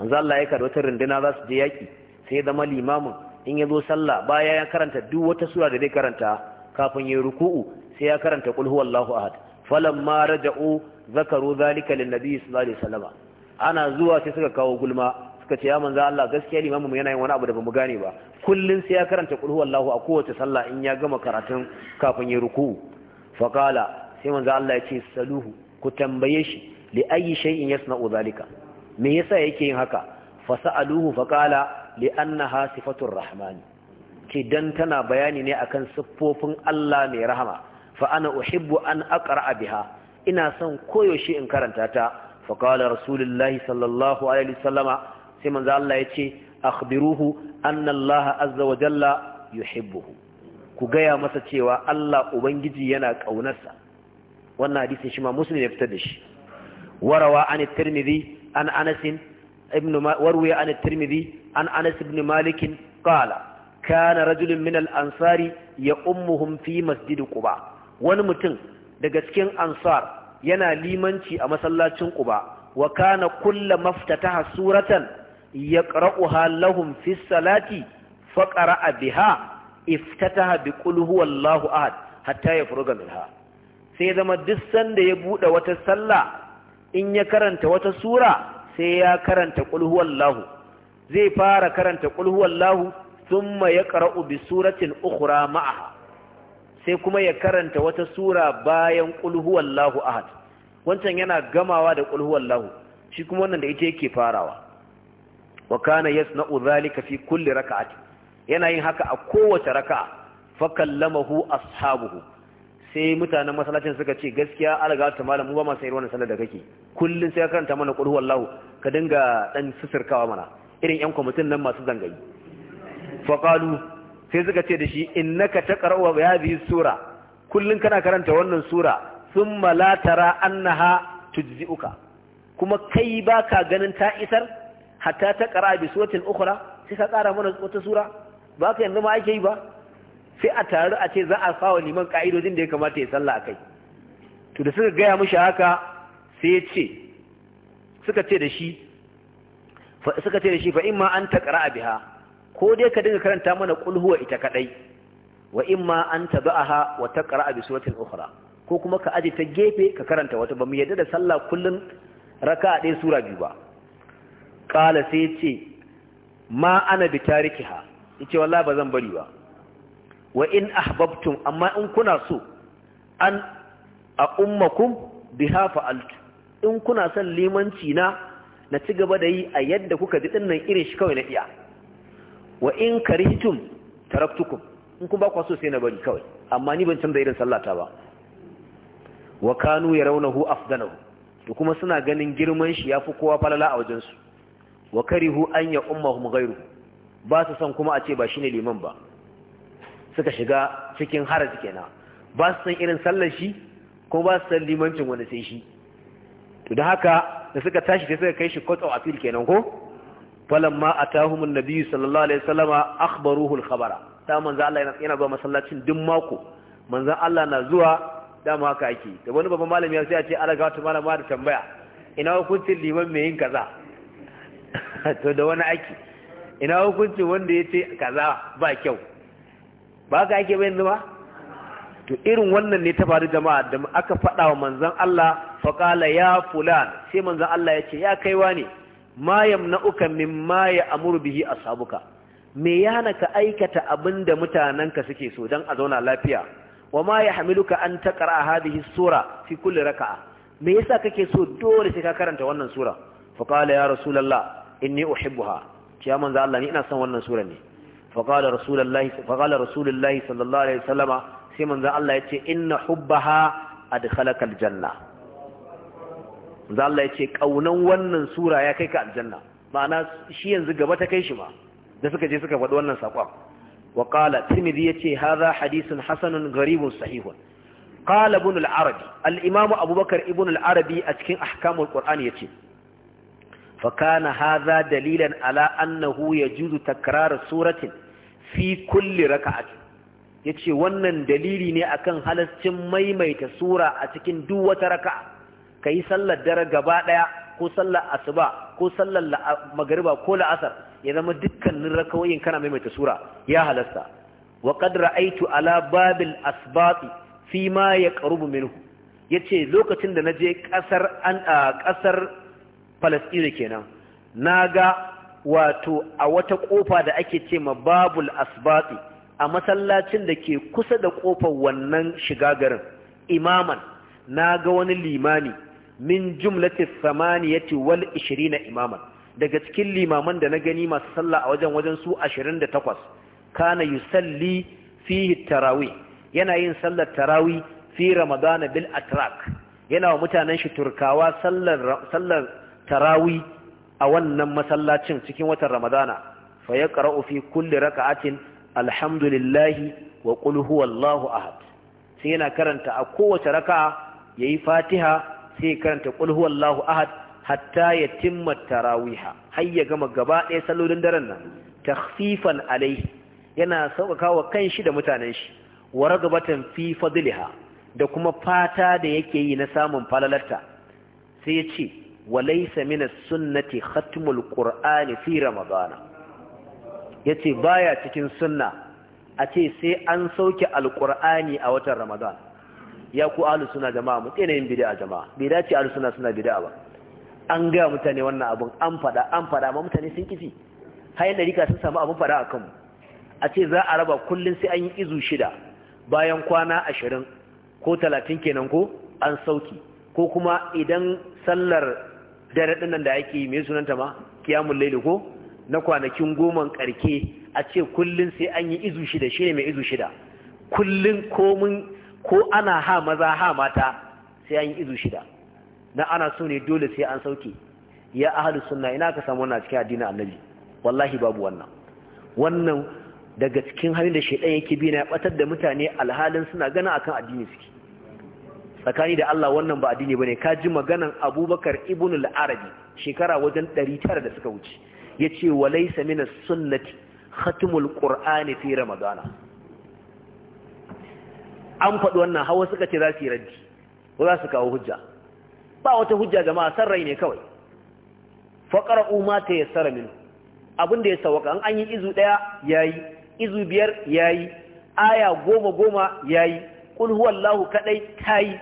Speaker 1: an za Allah ya kada wata runduna za su je yaƙi, sai zama limamin in ya zo sallah baya ya karanta duk wata sura da zai karanta kafin ya ruku'u sai ya karanta qul a ahad falamma raja'u zakaru zalika linnabi sallallahu alaihi wasallam ana zuwa sai suka kawo gulma suka ce ya manzo Allah gaskiya limamin mu yana yin wani abu da bamu gane ba kullun sai ya karanta qul huwallahu a kowace sallah in ya gama karatun kafin ya ruku fa sai manzo Allah ya ce saluhu ku tambaye shi li ayi shay'in yasna'u zalika me yasa yake yin haka fa Luhu Fakala qala li annaha sifatur rahman dan tana bayani ne akan siffofin Allah mai rahama fa ana uhibbu an aqra'a biha ina son koyaushe in karanta ta fa qala rasulullahi sallallahu alaihi wasallama sai manzo Allah yace akhbiruhu anna Allah azza wa jalla yuhibbuhu ku gaya masa cewa Allah ubangiji yana kaunarsa wannan hadisin shi ma muslim ya fitar da shi warawa an at-tirmidhi an anas ibn warwiya an at-tirmidhi an anas ibn malik qala كان رجل من الأنصار يأمهم في مسجد قباء wani mutum daga cikin ansar yana limanci a masallacin quba wa kana kullu maftataha suratan yaqra'uha lahum fi salati a biha iftataha bi qul Wallahu ahad hatta yafruga minha sai zama duk sanda ya buɗe wata sallah in ya karanta wata sura sai ya karanta qul Wallahu. zai fara karanta qul huwallahu ya ƙara'u bi suratin ukhra ma'aha sai kuma ya karanta wata sura bayan ƙulhuwallahu ahad wancan yana gamawa da ƙulhuwallahu shi kuma wannan da ita yake farawa wa kana yasna'u zalika fi kulli raka'ati yana yin haka a kowace raka'a fa kallamahu ashabuhu sai mutanen masallacin suka ce gaskiya alaga ta malam mu ba ma sayar wannan sallar da kake kullun sai ka karanta mana ƙulhuwallahu ka dinga dan sisirkawa mana irin yan kwamitin nan masu zangayi fa qalu sai suka ce da shi innaka taqra'u bi hadhihi sura kullum kana karanta wannan sura thumma la tara annaha tujzi'uka kuma kai baka ganin ta isar hatta a bi suratin ukhra sai ka ƙara mana wata sura ba ka yanzu ma ake yi ba sai a taru a ce za a fawa liman ka'idodin da ya kamata ya sallah kai to da suka gaya mishi haka sai ya ce suka ce da shi suka ce da shi fa imma an biha ko dai ka dinga karanta mana kul huwa ita kadai wa imma an tabaha wa taqra bi suratin ukhra ko kuma ka aje ta gefe ka karanta wata ba mu yadda da sallah kullun raka'a ɗaya sura biyu ba qala sai ce ma ana bi tarikiha yace wallahi ba zan bari ba wa in ahbabtum amma in kuna so an a ummakum biha fa'altu in kuna son limanci na na ci gaba da yi a yadda kuka ji dinnan irin shi kawai na iya wa in karihtum taraktukum in kun ba ku so sai na bari kawai amma ni ban canza irin sallata ba wa kanu yarawnahu afdalahu to kuma suna ganin girman shi yafi kowa falala a wajen su wa karihu an ya ummahum ghayru ba su san kuma a ce ba shine liman ba suka shiga cikin haraji kenan ba su san irin sallar shi ko ba su san limancin wani sai shi to da haka da suka tashi sai suka kai shi court of appeal kenan ko falamma atahumun annabi sallallahu alaihi wasallama akhbaruhu alkhabara da manzo Allah yana zuwa masallacin duk mako manzo Allah na zuwa dama haka yake da wani babban malami ya sai ya ce alaga wata malama da tambaya ina hukuncin liman mai yin kaza to da wani aiki ina hukuncin wanda ya ce kaza ba kyau ba ka ake bayan ba to irin wannan ne ta faru jama'a da aka faɗa wa manzon Allah qala ya fulan sai manzon Allah ya ce ya kaiwa ne ma yamna'uka mimma ya amuru bihi ashabuka me ya hana ka aikata abinda da mutanenka suke so dan a zauna lafiya wa ma ya hamiluka an taqra hadhihi sura fi kulli raka'a me yasa kake so dole sai ka karanta wannan sura fa qala ya rasulullah inni uhibbuha ya manzo Allah ni ina son wannan sura ne fa qala rasulullah fa qala rasulullah sallallahu alaihi wasallama sai manzo Allah yace inna hubbaha adkhalaka aljanna manzo Allah ya ce kaunan wannan sura ya kai ka aljanna ma'ana shi yanzu gaba ta kai shi ma da suka je suka faɗi wannan saƙon wa qala tirmidhi yace hadha hadithun hasanun gharibun sahihun qala ibn al-arabi al-imam abubakar ibn al-arabi a cikin ahkamul qur'an yace fa kana hadha dalilan ala annahu yajuzu takrar suratin fi kulli raka'atin yace wannan dalili ne akan halascin maimaita sura a cikin duk wata raka'a ka yi sallar dare gaba ɗaya ko sallar asuba ko sallar magariba ko la'asar ya zama dukkanin rakawoyin kana maimaita sura ya halasta wa qad ra'aytu ala babil asbati fi ma yaqrubu minhu yace lokacin da naje kasar an kasar Palestine kenan ga wato a wata kofa da ake ce ma babul asbati a masallacin da ke kusa da kofar wannan shiga garin imaman na ga wani limani min jumlati samaniyati wal 20 imaman daga cikin limaman da na gani masu sallah a wajen wajen su ashirin da takwas kana yusalli fihi tarawi yana yin sallar tarawi fi ramadana bil atrak yana wa mutanen shi turkawa sallar sallar a wannan masallacin cikin watan ramadana fa yaqra'u fi kulli raka'atin alhamdulillahi wa qul huwallahu ahad sai yana karanta a kowace raka'a yayi fatiha sai karanta qul huwallahu ahad hatta ya yatimma tarawiha har ya gama gaba ɗaya sallolin daren nan takhfifan alai yana sauƙaƙawa kanshi da mutanen shi wa ragabatan fi fadliha da kuma fata da yake yi na samun falalarta sai ya ce walaysa min as-sunnati khatmul qur'an fi ramadana yace baya cikin sunna a ce sai an sauke alqur'ani a watan ramadan ya ku ahlus suna jama'a mu tsene yin bid'a jama'a bai dace ahlus suna suna bid'a ba an ga mutane wannan abun an fada an fada amma mutane sun kifi. hayan da sun samu abun fada a kanmu a ce za a raba kullun sai an yi izu shida bayan kwana ashirin ko talatin kenan ko an sauki ko kuma idan sallar dare ɗin nan da ake yi mai ta ma kiyamun laili ko na kwanakin goma ƙarke a ce kullun sai an yi izu shida shi ne mai izu shida kullun mun. ko ana ha maza ha mata sai an yi izu shida na ana so ne dole sai an sauke ya ahlu sunna ina ka samu wannan cikin addinin annabi wallahi babu wannan wannan daga cikin halin da shaidan yake bi na ya batar da mutane alhalin suna gana akan addini suke tsakani da Allah wannan ba addini bane ka ji maganan Abubakar ibn al-Arabi shekara wajen 900 da suka wuce ya ce min as-sunnati khatmul qur'ani fi ramadana an faɗi wannan hawa suka ce za su yi raddi ko za su kawo hujja ba wata hujja jama'a san rai ne kawai ta yi tsara min abin da ya sawaka an an yi izu ɗaya ya yi, izu biyar ya yi, aya goma goma ya yayi qul huwallahu ta yi.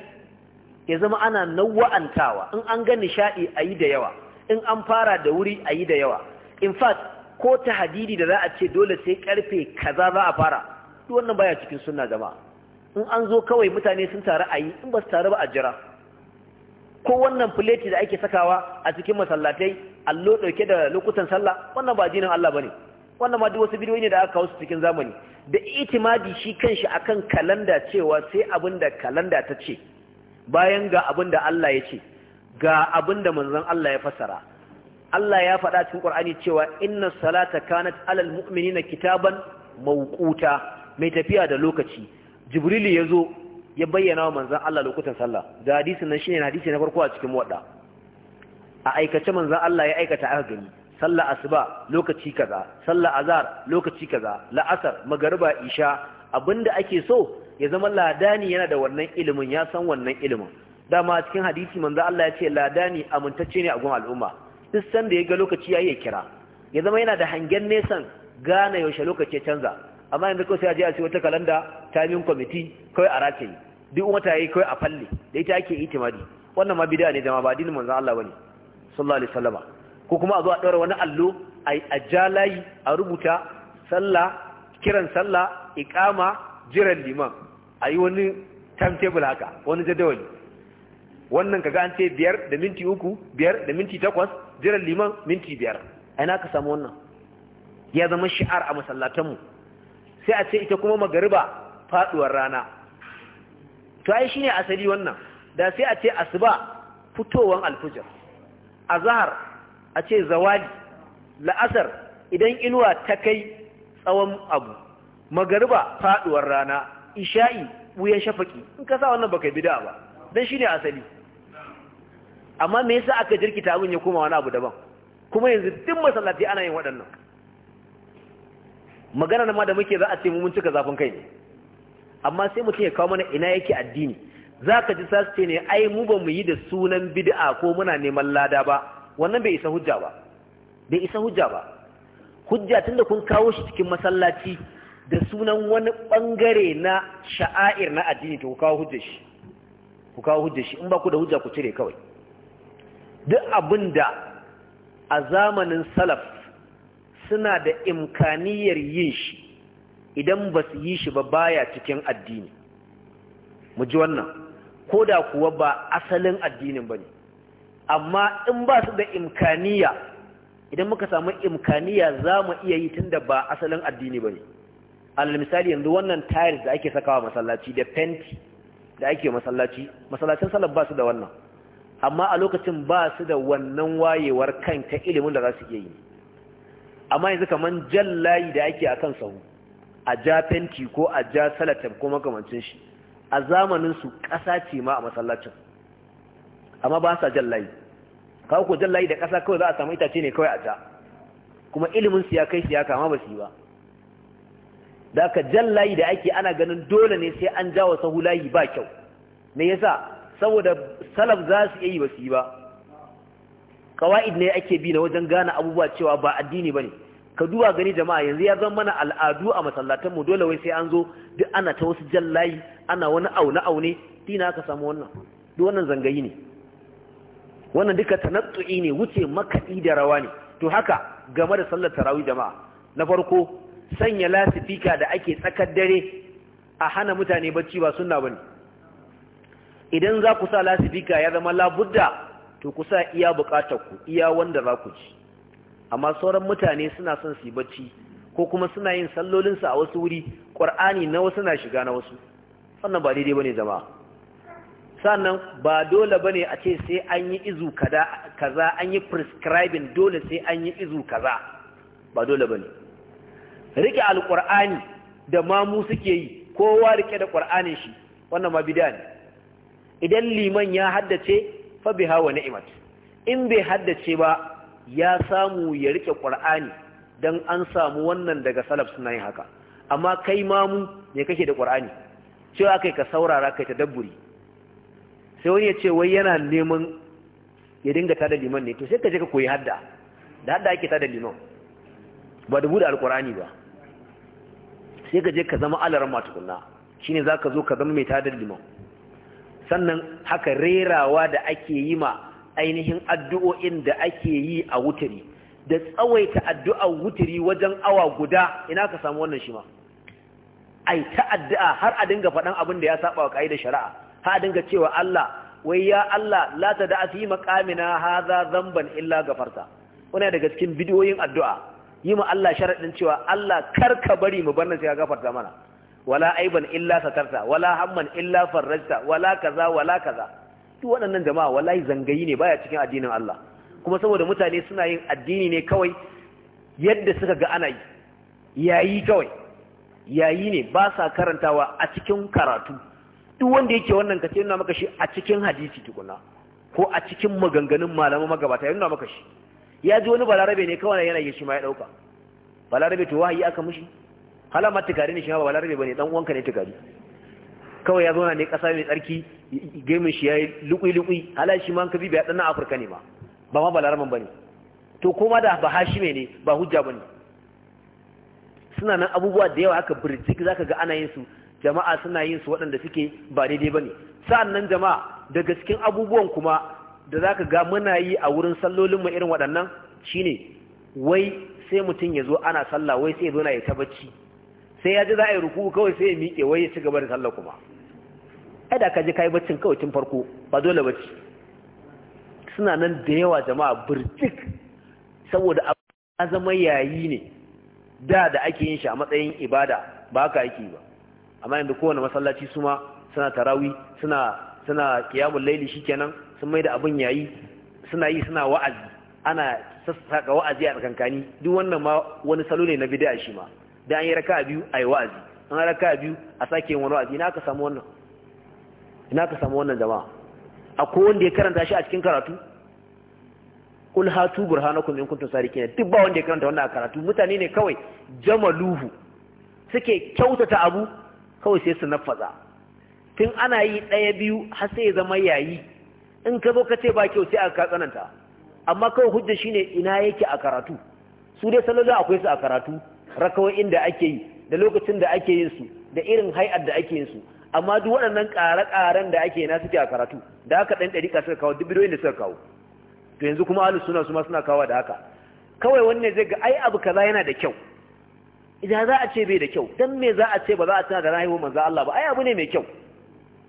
Speaker 1: ya zama ana nawa'antawa in an ga nishaɗi ayi da yawa in an fara da wuri ayi da yawa in fact ko ta hadidi da za a ce dole sai karfe kaza za a fara duk wannan baya cikin sunna jama'a in an zo kawai mutane sun taru a yi in ba su taru ba a jira ko wannan fileti da ake sakawa a cikin masallatai allo ɗauke da lokutan sallah wannan ba jinin Allah ba ne wannan ma duk wasu bidiyoyi ne da aka kawo su cikin zamani da itimadi shi kanshi akan kalanda cewa sai abin kalanda ta ce bayan ga abin da Allah ya ce ga abinda da manzon Allah ya fasara Allah ya faɗa cikin Qur'ani cewa inna salata kanat alal mu'minina kitaban mawquta mai tafiya da lokaci jibrilu ya zo ya bayyana wa manzan Allah lokutan sallah da hadisin nan shine hadisi na farko a cikin wadda a aikace manzan Allah ya aikata aka gani sallah asuba lokaci kaza sallah Azar, lokaci kaza la'asar magariba isha abinda ake so ya zama ladani yana da wannan ilimin ya san wannan ilimin dama cikin hadisi manzan Allah ya ce ladani amintacce ne a gun al'umma duk sanda ya ga lokaci yayi ya kira ya zama yana da hangen nesan gane yaushe lokaci ya canza amma yanzu kawai sai a je a ce wata kalanda timing committee kawai a rataye duk wata yi kawai a falle da ita ake itimadi wannan ma bid'a ne zama ba addinin manzan Allah bane sallallahu alaihi sallama. ko kuma a zo a daura wani allo a jalayi a rubuta sallah kiran sallah iqama jiran liman a yi wani timetable haka wani jadawali wannan kaga an ce biyar da minti uku biyar da minti takwas jiran liman minti biyar ai na ka samu wannan ya zama shi'ar a masallatanmu sai a ce ita kuma magariba faduwar rana to ai shine asali wannan da sai a ce asuba fitowan alfujr azhar a ce zawali la'asar idan inuwa ta kai tsawon abu magariba faduwar rana isha'i wuyan shafaki in ka sa wannan baka bid'a ba dan shine asali amma me yasa aka jirkita abin ya koma wani abu daban kuma yanzu duk masallaci ana yin waɗannan magana ma da muke za a ce mun cika zafin kai ne amma sai mutum ya kawo mana ina yake addini za ka ji sasu ce ne ai mu ba mu yi da sunan bid'a ko muna neman lada ba wannan bai isa hujja ba bai isa hujja ba hujja tun da kun kawo shi cikin masallaci da sunan wani bangare na sha'air na addini to ku kawo hujja shi ku kawo hujja shi in ba ku da hujja ku cire kawai duk abinda a zamanin salaf suna da imkaniyar yin shi idan ba su yi shi ba baya cikin addini mu ji wannan ko da kuwa ba asalin addinin ba ne amma in ba su da imkaniya idan muka samu imkaniya za mu iya yi tun da ba asalin addini ba ne alal misali yanzu wannan tiles da ake sakawa masallaci da fenti da ake masallaci masallacin sallar ba su da wannan amma a lokacin ba su da wannan wayewar kan ta ilimin da za su iya yi amma yanzu kaman jan layi da ake a kan sahu a ja fenti ko a ja salatar ko makamancin shi a zamanin su ƙasa ce ma a masallacin amma ba sa jan layi kawo ko jan layi da ƙasa kawai za a samu itace ne kawai a ja kuma ilimin su ya kai su ya kama ba su yi ba da aka jan layi da ake ana ganin dole ne sai an jawo sahu layi ba kyau me yasa saboda salaf za su yi ba su yi ba kawaid ne ake bi na wajen gane abubuwa cewa ba addini ba ne. ka duba gani jama'a yanzu ya zama mana al'adu a masallatan mu dole wai sai an zo duk ana ta wasu jallayi ana wani aune aune dina ka samu wannan duk wannan zangayi ne wannan duka tanattu'i ne wuce makaɗi da rawa ne to haka game da sallar tarawih jama'a na farko sanya lasifika da ake tsakar dare a hana mutane bacci ba sunna bane idan za ku sa lasifika ya zama labudda to ku sa iya bukatar ku iya wanda za ku ci amma sauran mutane suna son su yi bacci ko kuma suna yin sallolinsu a wasu wuri ƙwar'ani na wasu na shiga na wasu sannan ba daidai ba ne jama'a sannan ba dole ba ne a ce sai an yi izu kaza an yi prescribing dole sai an yi izu kaza ba dole ba ne rike alƙwar'ani da mamu suke yi kowa rike da ƙwar'anin shi wannan ma bida ne idan liman ya haddace fa biha wa ni'mat in bai haddace ba ya samu ya rike qur'ani dan an samu wannan daga salaf suna yin haka amma kai mamu me kake da qur'ani cewa kai ka saurara kai ta dabburi. sai wani ya ce wai yana neman ya dinga tada liman ne to sai ka je ka koyi hadda da hadda ake tada liman ba da buɗe alkurani ba sai ka je ka zama alaran matukunna shine zaka zo ka zama mai tada liman sannan haka rerawa da ake yi ma ainihin addu'o'in da ake yi a wutiri, da tsawaita addu'ar wuturi wajen awa guda ina ka samu wannan shi ma ai ta addu'a har a dinga faɗan abin da ya saba wa da shari'a har a dinga cewa Allah wai ya Allah la ta da fi maqamina hadha dhanban illa gafarta wannan daga cikin bidiyoyin addu'a yi ma Allah sharaɗin cewa Allah kar ka bari mu bar nan sai ka gafarta mana wala aiban illa satarta wala hamman illa farrajta, wala kaza wala kaza waɗannan jama'a wallahi zangayi ne baya cikin addinin Allah kuma saboda mutane suna yin addini ne kawai yadda suka ga ana yi yayi kawai yayi ne ba sa karantawa a cikin karatu duk wanda yake wannan kace yana maka shi a cikin hadisi tukuna ko a cikin maganganun malaman magabata yana maka shi ya ji wani balarabe ne kawai yana yi shi ma ya dauka balarabe to wahayi aka mushi hala ma tukari ne shi ma balarabe bane dan uwanka ne tukari kawai ya zauna ne ƙasa mai tsarki gemin shi ya yi lukui-lukui halar shi ma kabi bai ɗannan afirka ne ba ba ma balaraman ba ne to kuma da ba Hashi mai ne ba hujja ba ne suna nan abubuwa da yawa aka birtik za ka ga ana yin su jama'a suna yin su waɗanda suke ba daidai ba ne sa'an nan jama'a daga cikin abubuwan kuma da za ka ga muna yi a wurin sallolinmu irin waɗannan shine wai sai mutum ya zo ana sallah wai sai ya zo na ya ta sai ya ji za a yi ruku kawai sai ya miƙe wai ya ci gaba da sallah kuma da ka je kai baccin kawai tun farko ba dole bacci suna nan da yawa jama'a burjik saboda a zama yayi ne da da ake yin shi a matsayin ibada ba haka yake ba amma inda kowane masallaci su ma suna tarawi suna suna laili shi shikenan sun mai da abin yayi suna yi suna wa'azi ana sassaka wa'azi a tsakankani duk wannan ma wani salo ne na bid'a shi ma da an yi raka'a biyu ayi wa'azi an raka'a biyu a sake yin wani wa'azi na ka samu wannan ina ka samu wannan jama'a akwai wanda ya karanta shi a cikin karatu kul hatu burhanakum in kuntum sadiqin duk ba wanda ya karanta wannan a karatu mutane ne kawai jamaluhu suke kyautata abu kawai sai su nafaza tun ana yi ɗaya biyu har sai ya zama yayi in ka zo ka ce ba kyau sai aka tsananta amma kawai hujja shine ina yake a karatu su dai salolin akwai su a karatu rakawai inda ake yi da lokacin da ake yin su da irin hai'ar da ake yin su amma duk waɗannan ƙare-ƙaren da ake na suke a karatu da aka ɗan ɗari suka kawo duk bidoyin da suka kawo to yanzu kuma alu suna su ma suna kawo da haka kawai wanne zai ga ai abu kaza yana da kyau idan za a ce bai da kyau dan me za a ce ba za a tana da rahimu manzan Allah ba ai abu ne mai kyau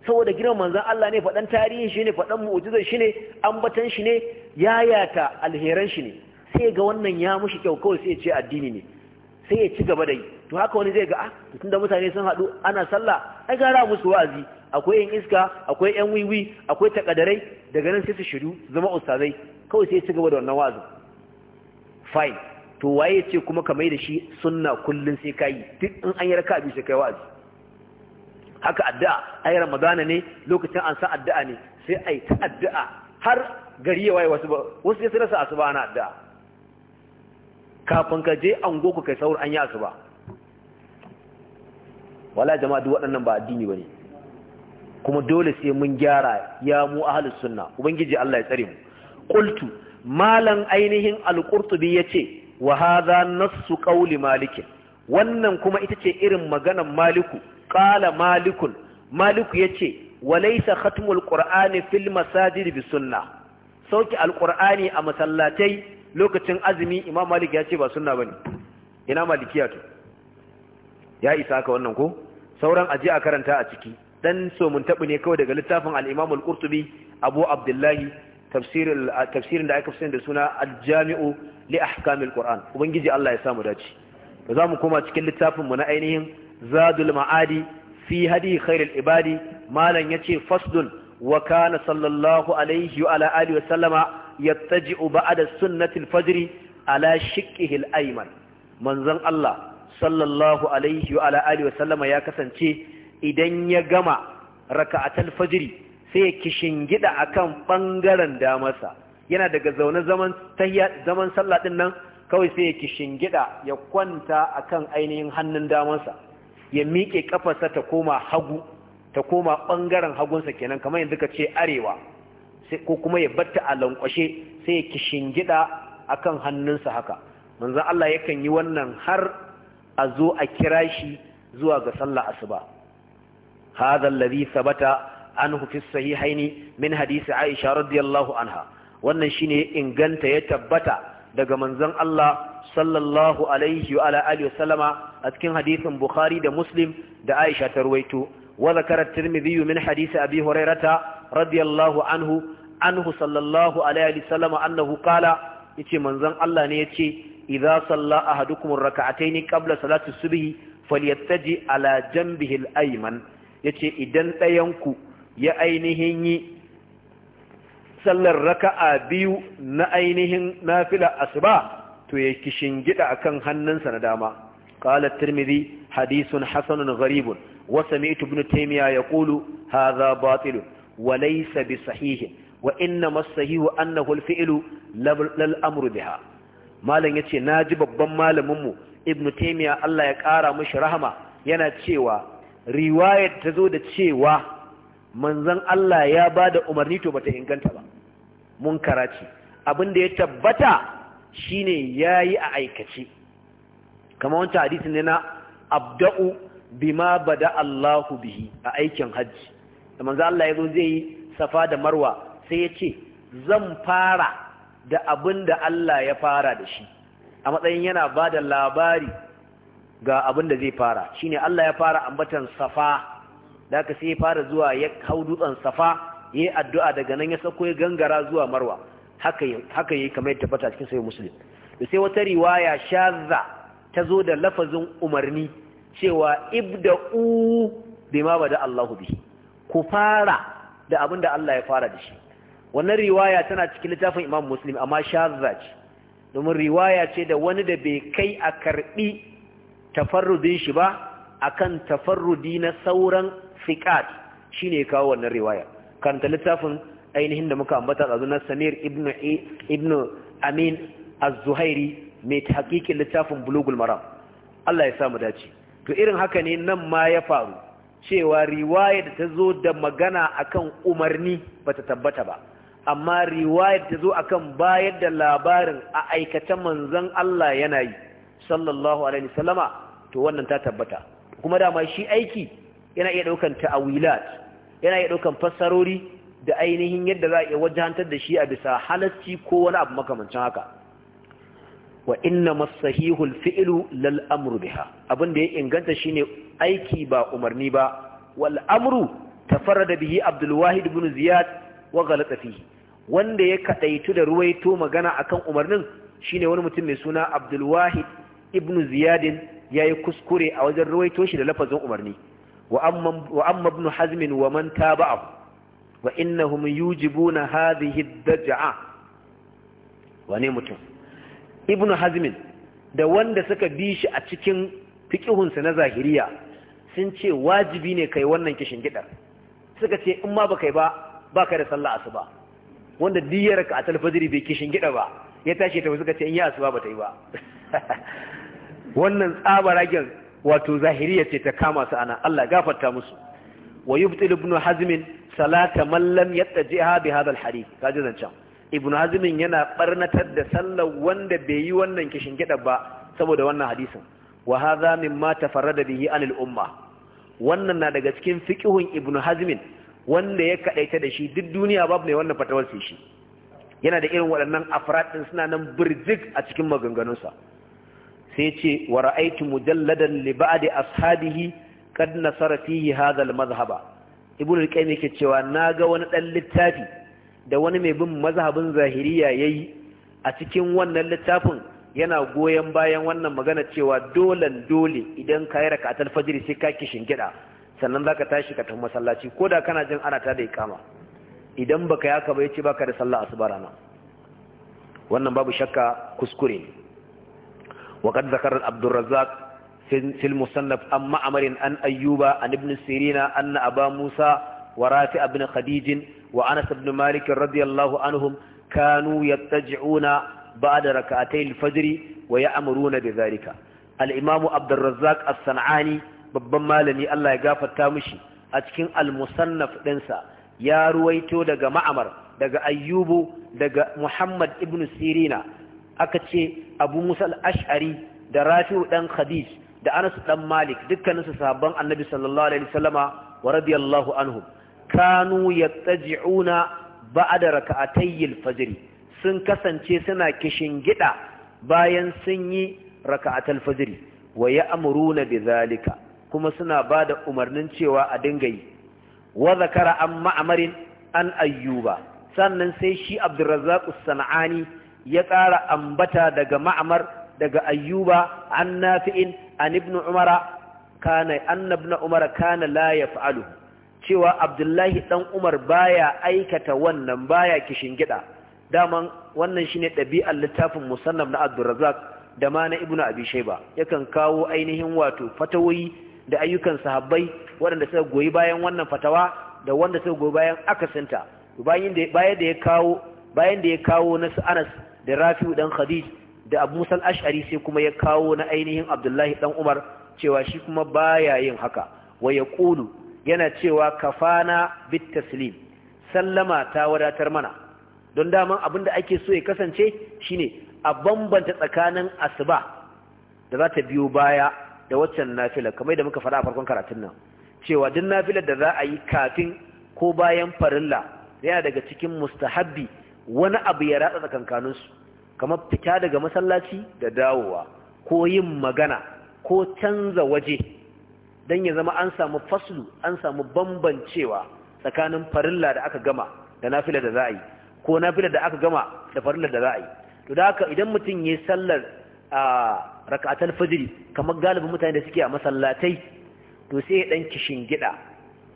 Speaker 1: saboda gidan manzan Allah ne faɗan tarihin shi ne faɗan mu'ujizar shi ne ambatan shi ne yayata alheran shi ne sai ga wannan ya mushi kyau kawai sai ya ce addini ne sai ya ci gaba da yi to haka wani zai ga ah tunda mutane sun haɗu ana sallah ai ra musu wa'azi akwai yan iska akwai yan wiwi akwai takadarai daga nan sai su shiru zama ustazai kawai sai su gaba da wannan wa'azin fine to waye ce kuma ka mai da shi sunna kullun sai kai duk in an yi raka bi sai kai wa'azi haka addu'a ai ramadana ne lokacin an san addu'a ne sai ai ta addu'a har gari ya waye wasu ba wasu sai su rasa asuba ana addu'a kafin ka je an goku kai saur an yi asuba wala jama'a duk waɗannan ba addini bane kuma dole sai mun gyara ya mu ahlus sunna ubangiji Allah ya tsare mu qultu malan ainihin al-qurtubi yace wa hadha nassu qawli malik wannan kuma ita ce irin maganar maliku qala malikun maliku yace walaysa khatmul qur'ani fil masajid bi sunna sauki al a masallatai lokacin azumi imam malik ya ba sunna bane ina malikiya to ya isa ka wannan ko sauran aje a karanta a ciki dan so mun tabu ne kawai daga littafin al-Imam al-Qurtubi Abu Abdullahi tafsirin da aka fi da suna al-Jami'u li ahkam al-Qur'an ubangiji Allah ya samu dace to zamu koma cikin littafin mu na ainihin Zadul Ma'adi fi hadi khairul ibadi malan yace faslun wa kana sallallahu alaihi wa ala alihi wa sallama yattaji'u ba'da sunnati al-fajr ala shiqqihi al-ayman manzon Allah sallallahu alaihi wa alihi wa sallama ya kasance idan ya gama raka'atul fajri sai ya kishingida akan bangaren damarsa yana daga zaune zaman tahiyya zaman sallah din nan kawai sai ya kishingida ya kwanta akan ainihin hannun damarsa ya miƙe kafarsa ta koma hagu ta koma bangaren hagunsa kenan kamar yanzu ka ce arewa ko kuma ya batta a lankwashe sai ya kishingida akan hannunsa haka manzon Allah yakan yi wannan har a zo a kira shi zuwa ga sallah asuba hadha alladhi sabata anhu fi sahihaini min hadisi aisha radiyallahu anha wannan shine inganta ya tabbata daga manzon Allah sallallahu alaihi wa alihi wasallama a cikin hadisin bukhari da muslim da aisha ta ruwaito wa zakara min hadisi abi hurairata radiyallahu anhu anhu sallallahu alaihi wasallama annahu qala yace manzon Allah ne ya ce. idza salla ahadukum rak'atayn qabla salati subhi falyattaji ala janbihi al-ayman yace idan ɗayan ku ya ainihin yi sallar raka'a biyu na ainihin nafila asuba to ya kishingida akan hannunsa na dama قال الترمذي حديث حسن غريب وسمعت ابن تيمية يقول هذا باطل وليس بصحيح وإنما الصحيح أنه الفئل للأمر بها malam yace ji babban malamin mu ibn taymiya Allah ya kara mishi rahama yana cewa riwayar ta zo da cewa manzon Allah ya ba da umarni to bata inganta ba mun karaci abin da ya tabbata shine yayi a aikace kamar wancan hadisin ne na abda'u bima bada Allahu bihi a aikin hajji da manzo Allah ya zo zai yi safa da marwa sai ya ce zan fara da abin da Allah ya fara da shi a matsayin yana ba da labari ga abin da zai fara shine Allah ya fara ambatan safa da aka sai ya fara zuwa ya hau dutsen safa ya yi addu'a daga nan ya sako ya gangara zuwa marwa haka yi kamar yadda tabbata cikin sayi musulun da sai wata riwaya shaza ta zo da lafazin umarni cewa ma ba da Allahu bi ku fara da abin da Allah ya fara da shi wannan riwaya tana cikin littafin imam muslim amma shazza ce domin riwaya ce da wani da bai kai a karɓi tafarrudin shi ba akan tafarrudi na sauran fiqat shine kawo wannan riwaya karanta littafin ainihin da muka ambata a zunar samir ibn amin az-zuhairi mai hakikin littafin bulugul maram Allah ya samu dace to irin haka ne nan ma ya faru cewa riwaya da ta zo da magana akan umarni bata tabbata ba amma riwayar ta zo akan bayar da labarin a aikata manzon Allah yana yi sallallahu alaihi wasallama to wannan ta tabbata kuma dama shi aiki yana iya daukan ta'awilat yana iya daukan fassarori da ainihin yadda za a iya wajahantar da shi a bisa halarci ko wani abu makamancin haka wa inna masahihu fi'lu lal amru biha abin da ya inganta shine aiki ba umarni ba wal amru tafarrada bihi abdul wahid ibn ziyad wa ghalata wanda ya kadaitu da ruwaito magana akan umarnin shine wani mutum mai suna Abdul Wahid ibn Ziyad yayi kuskure a wajen ruwaito shi da lafazin umarni wa amma wa amma ibn Hazm wa man taba'a wa innahum yujibuna hadhihi ad-daj'a wani mutum ibn Hazm da wanda suka bi shi a cikin sa na zahiriya sun ce wajibi ne kai wannan kishin gidar suka ce in ma ba kai ba Ba baka da sallah asuba wanda diyar ka a talfajiri bai kishin gida ba ya tashi ta suka ce in yi asuba bata yi ba wannan tsabaragen wato zahiriya ce ta kama su ana Allah gafarta musu wa yubtil ibn hazmin salata man lam yattajiha bi hadha al-hadith kaji zancen ibn hazmin yana barnatar da sallar wanda bai yi wannan kishin gida ba saboda wannan hadisin wa hadha mimma tafarrada bihi anil umma wannan na daga cikin fiqhun ibn Hazmin. wanda ya kadaita da shi duk duniya babu mai wannan fatawar sai shi yana da irin waɗannan afrad suna nan birzik a cikin maganganunsa sai ce wa ra'aytu mujalladan li ba'di ashabihi kad nasara fihi hadha al-madhhaba ibn al-qayyim yake cewa naga wani dan littafi da wani mai bin mazhabin zahiriya yayi a cikin wannan littafin yana goyon bayan wannan magana cewa dolan dole idan ka yi raka sai ka kishin gida sannan za ka tashi ka tafi masallaci ko da kana jin ana ta da ikama idan baka ya ka bai ce baka da sallah asuba rana wannan babu shakka kuskure ne waqad zakara abdurrazzaq fi musannaf amma amrin an ayyuba an ibn sirina anna aba musa wa rafi ibn khadij wa anas ibn malik radiyallahu anhum kanu yattaj'una ba'da rak'atay al-fajr wa ya'muruna bi dhalika al-imam abdurrazzaq as-sanani babban malami Allah ya gafarta mishi a cikin al-musannaf ɗinsa ya ruwaito daga ma'amar daga ayyubu daga muhammad ibn sirina aka ce abu musa al-ash'ari da rafi'u dan khadij da anas dan malik dukkaninsu sabon annabi sallallahu alaihi wasallama wa radiyallahu anhum kanu yattaji'una ba'da raka'atay al-fajr sun kasance suna kishin gida bayan sun yi raka'atul fajr wa ya'muruna zalika kuma suna ba da umarnin cewa a dinga yi wa zakara an ma'amarin an ayyuba sannan sai shi abdurrazzaq sana'ani ya ƙara ambata daga ma'amar daga ayyuba an nafi'in an ibnu umara kana annabna umara kana la yaf'alu cewa abdullahi dan umar baya aikata wannan baya gida. daman wannan shine ɗabi'ar littafin musannaf na abdurrazzaq da ma na ibnu abi shayba yakan kawo ainihin wato fatawoyi da ayyukan sahabbai waɗanda suka goyi bayan wannan fatawa da wanda suka goyi bayan akasinta bayan da ya kawo bayan da ya kawo na Anas da Rafi'u dan Khadij da Abu Musa al-Ash'ari sai kuma ya kawo na ainihin Abdullahi dan Umar cewa shi kuma baya yin haka wa yaqulu yana cewa kafana bit taslim sallama ta wadatar mana don daman abin da ake so ya kasance shine a bambanta tsakanin asuba da za ta biyo baya da waccan nafilar kamar da muka faɗa a farkon karatun nan cewa duk nafilar da za a yi kafin ko bayan farilla yana daga cikin mustahabbi wani abu ya ratsa tsakankaninsu kamar fita daga masallaci da dawowa ko yin magana ko canza waje don ya zama an samu faslu an samu bambancewa tsakanin farilla da aka gama da nafilar da za a yi ko nafilar da aka gama da farilla da za a yi to da haka idan mutum ya sallar a rakatar fajr kamar galibin mutane da suke a masallatai to sai ya dan kishin gida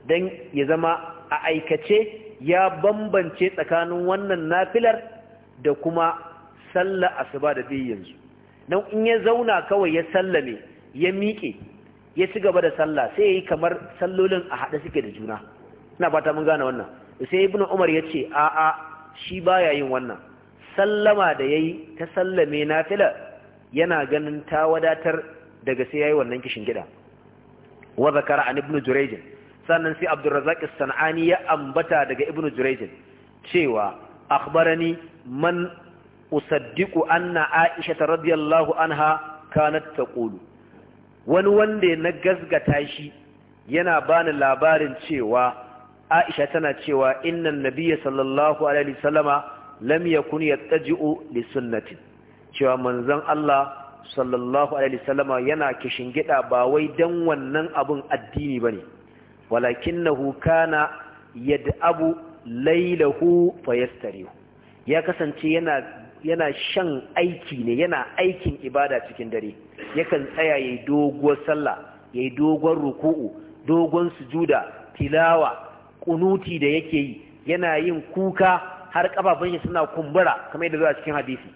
Speaker 1: dan ya zama a aikace ya bambance tsakanin wannan nafilar da kuma sallah asuba da zai yanzu dan in ya zauna kawai ya sallame ya miƙe ya ci gaba da sallah sai yayi kamar sallolin a haɗe suke da juna ina fata mun gane wannan sai ibn umar ya ce a'a shi baya yin wannan sallama da yayi ta sallame nafilar? yana ganin ta wadatar daga sai yi wannan kishin gida wa zakara an ibnu sannan sai abdurrazzaq sanani ya ambata daga ibnu jurayj cewa akhbarani man usaddiqu anna aisha radiyallahu anha kanat taqulu wani wanda na gasgata shi yana bani labarin cewa aisha tana cewa innan nabiyya sallallahu alaihi wasallama lam yakun yattaji'u li sunnatin cewa manzon Allah sallallahu alaihi wasallama yana gida ba wai dan wannan abun addini bane walakinahu kana yad'abu lailahu fayastarihu ya kasance yana yana shan aiki ne yana aikin ibada cikin dare yakan tsaya yayi doguwar sallah yayi dogon ruku'u dogon sujuda tilawa kunuti da yake yi yana yin kuka har kafafun shi suna kumbura kamar yadda zuwa cikin hadisi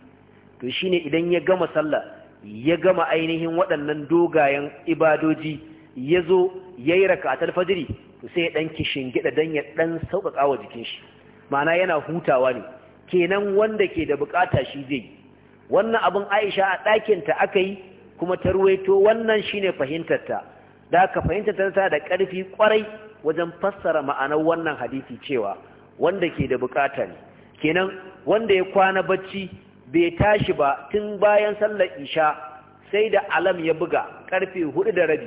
Speaker 1: to shine idan ya gama sallah ya gama ainihin waɗannan dogayen ibadoji ya zo ya yi raka a talfajiri to sai ya ɗan gida don ya ɗan sauƙaƙa wa jikin shi ma'ana yana hutawa ne kenan wanda ke da buƙata shi zai yi wannan abin aisha a ɗakinta aka yi kuma ta ruwaito wannan shine fahimtarta da ka fahimtarta ta da ƙarfi ƙwarai wajen fassara ma'anar wannan hadisi cewa wanda ke da buƙata ne kenan wanda ya kwana bacci bai tashi ba tun bayan sallar isha sai da alam ya buga karfe hudu da rabi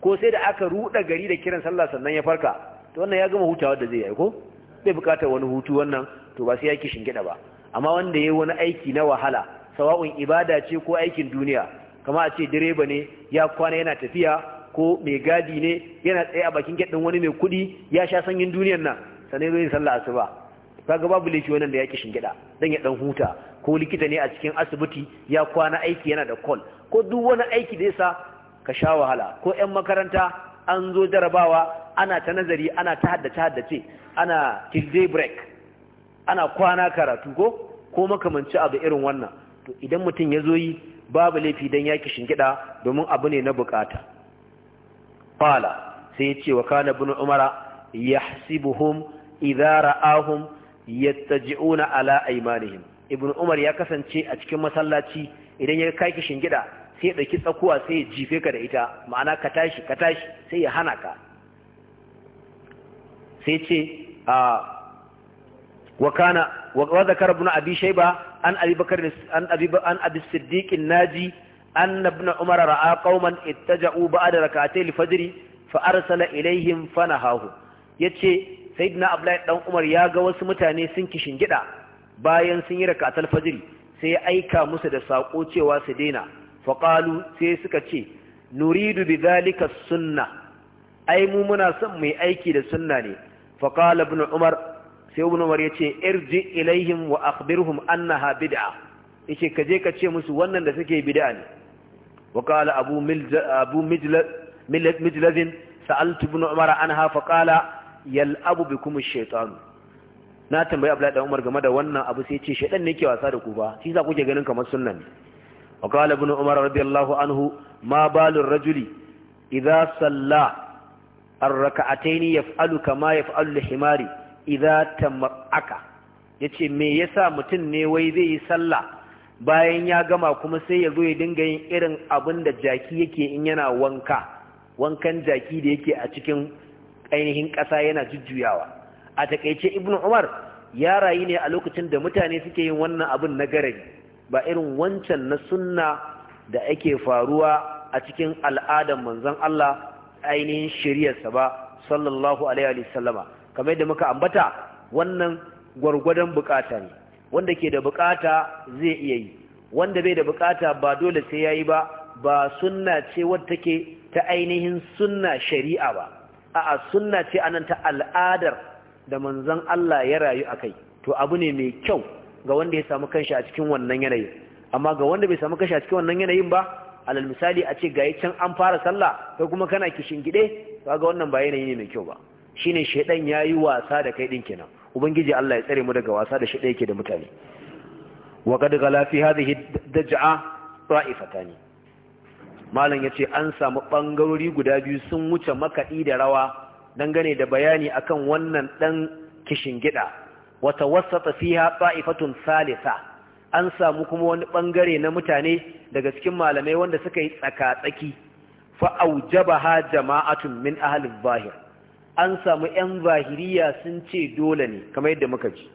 Speaker 1: ko sai da aka ruɗa gari da kiran sallah sannan ya farka to wannan ya gama hutawa da zai yi ko bai bukatar wani hutu wannan to ba sai ya kishin gida ba amma wanda ya yi wani aiki na wahala sawa'un ibada ce ko aikin duniya kama a ce direba ne ya kwana yana tafiya ko mai gadi ne yana tsaye a bakin gyaɗin wani mai kuɗi ya sha sanyin duniyar nan sannan zai sallah asuba kaga babu laifi wannan da ya kishin gida dan ya dan huta ko likita ne a cikin asibiti ya kwana aiki yana da call ko duk wani aiki da yasa ka sha wahala ko ƴan makaranta an zo jarabawa ana ta nazari ana ta haddace haddace ana till day break ana kwana karatu ko ko makamanci abu irin wannan to idan mutum ya zo yi babu laifi dan yaki shingida domin abu ne na bukata qala sai ya ce wa kana ibn umara yahsibuhum idha ra'ahum yattaji'una ala aymanihim ibn umar ya kasance a cikin masallaci idan ya kishin gida sai ya ɗauki tsakuwa sai ya jife ka da ita ma'ana ka tashi ka tashi sai ya hana ka sai ce a wa kana wa zakar ibn abi shayba an abi bakar an abi an abi siddiq naji anna ibn umar ra'a qauman ittaja'u ba'da rak'atay al-fajr fa arsala ilayhim nahahu yace sayyidina abdullahi dan umar ya ga wasu mutane sun kishin gida bayan sun yi rakatul fajr sai aika musu da sako cewa su daina Faƙalu sai suka ce nuridu bidhalika sunna ai mu muna son mu yi aiki da sunna ne faqala bin umar sai bin umar yace irji ilaihim wa akhbirhum annaha bid'a yace kaje ka ce musu wannan da suke bid'a ne وقال أبو, ملز... أبو bin Umar an سألت ابن عمر عنها فقال يلأب na tambayi Abdullahi dan Umar game da wannan abu sai ce shedan ne ke wasa da ku ba shi za kuke ganin kamar sunna ne wa qala ibn Umar radiyallahu anhu ma balur rajuli idza salla ya fi yaf'alu kama yaf'alu al-himari idza tamaraka yace me yasa mutum ne wai zai yi sallah bayan ya gama kuma sai ya zo ya dinga yin irin abin da jaki yake in yana wanka wankan jaki da yake a cikin ainihin ƙasa yana jujjuyawa a takaice ibnu umar ya rayu ne a lokacin da mutane suke yin wannan abin na garin, ba irin wancan na sunna da ake faruwa a cikin al'adar manzon Allah ainihin shari'arsa ba sallallahu alaihi wasallama kamar yadda muka ambata wannan gwargwadon bukata ne wanda ke da bukata zai iya yi wanda bai da bukata ba dole sai yayi ba ba sunna ce wadda take ta ainihin sunna shari'a ba a'a sunna ce anan ta al'adar da manzon Allah ya rayu a kai, to abu ne mai kyau ga wanda ya samu kanshi a cikin wannan yanayin amma ga wanda bai samu kanshi a cikin wannan yanayin ba alal misali a ce ga can an fara sallah kai kuma kana kishin gide ga wannan ba yanayi ne mai kyau ba shine shedan yi wasa da kai din kenan ubangiji Allah ya tsare mu daga wasa da shaidan yake da mutane wa qad gala fi hadhihi daj'a ta'ifatan malam yace an samu ɓangarori guda biyu sun wuce makaɗi da rawa dangane da bayani akan wannan dan gida. wata wasata fiha ta'ifatun salisa an samu kuma wani bangare na mutane daga cikin malamai wanda suka yi tsaka-tsaki fa jama'atun min ahli zahir an samu yan zahiriya sun ce dole ne kamar yadda muka ji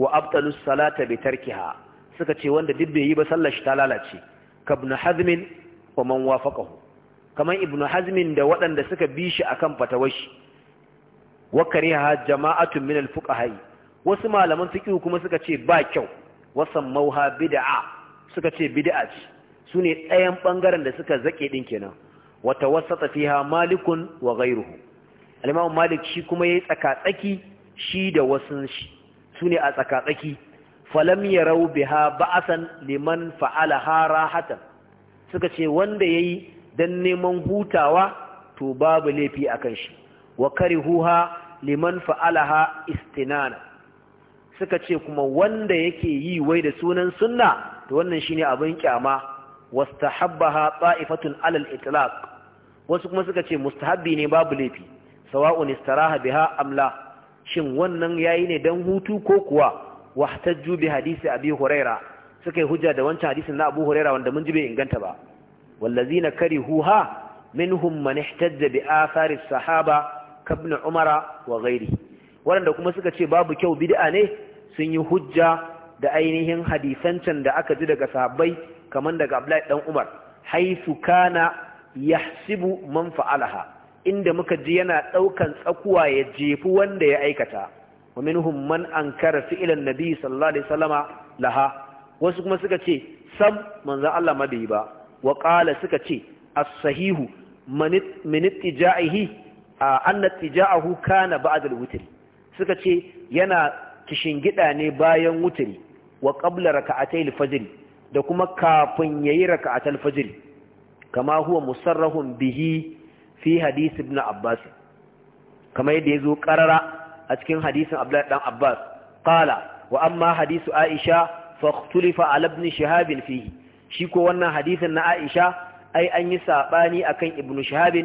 Speaker 1: wa abtalus salata bi tarkiha suka ce wanda duk bai yi ba sallar shi ta lalace kabnu hazmin wa man wafaqahu kamar ibnu hazmin da waɗanda suka bi shi akan fatawashi wa kariha jama'atun min al-fuqaha wasu malaman fiqh kuma suka ce ba kyau wasan mauha bid'a suka ce bid'a ce sune ɗayan bangaren da suka zake din kenan wa tawassata fiha malikun wa ghayruhu al-imam malik shi kuma yayi tsakatsaki shi da wasun shi sune a tsakatsaki falam yarau biha ba'asan liman fa'ala harahata suka ce wanda yayi dan neman hutawa to babu laifi akan shi wa karihuha liman fa'alaha istinana suka ce kuma wanda yake yi wai da sunan sunna to wannan shine abin kyama wastahabbaha ta'ifatun alal itlaq wasu kuma suka ce mustahabbi ne babu laifi sawa'un istaraha biha amla shin wannan yayi ne dan hutu ko kuwa wahtajju bi hadisi abi huraira suka yi hujja da wancan hadisin na abu huraira wanda mun ji bai inganta ba wallazina karihuha minhum man ihtajja bi athari sahaba kabin umara wa gairi waɗanda kuma suka ce babu kyau bid'a ne sun yi hujja da ainihin hadisancan da aka ji daga sahabbai kamar daga abdullahi dan umar haisu kana yahsibu man fa'alaha inda muka ji yana ɗaukan tsakuwa ya jefi wanda ya aikata wa minhum man ankara fi'lan nabi sallallahu alaihi wasallama laha wasu kuma suka ce sam manzon Allah ma bai ba wa qala suka ce as-sahihu min ittija'ihi anna tija'ahu kana ba'da al-witr suka ce yana kishin kishingida ne bayan wutri wa qabla raka'atay al-fajr da kuma kafin yayi raka'atul fajr kama huwa musarrahun bihi fi hadith ibn abbas kama yadda yazo qarara a cikin hadisin abdullah dan abbas qala wa amma hadisu aisha fa ikhtalifa ala ibn shihab fihi shi ko wannan hadisin na aisha ai an yi sabani akan ibn shihab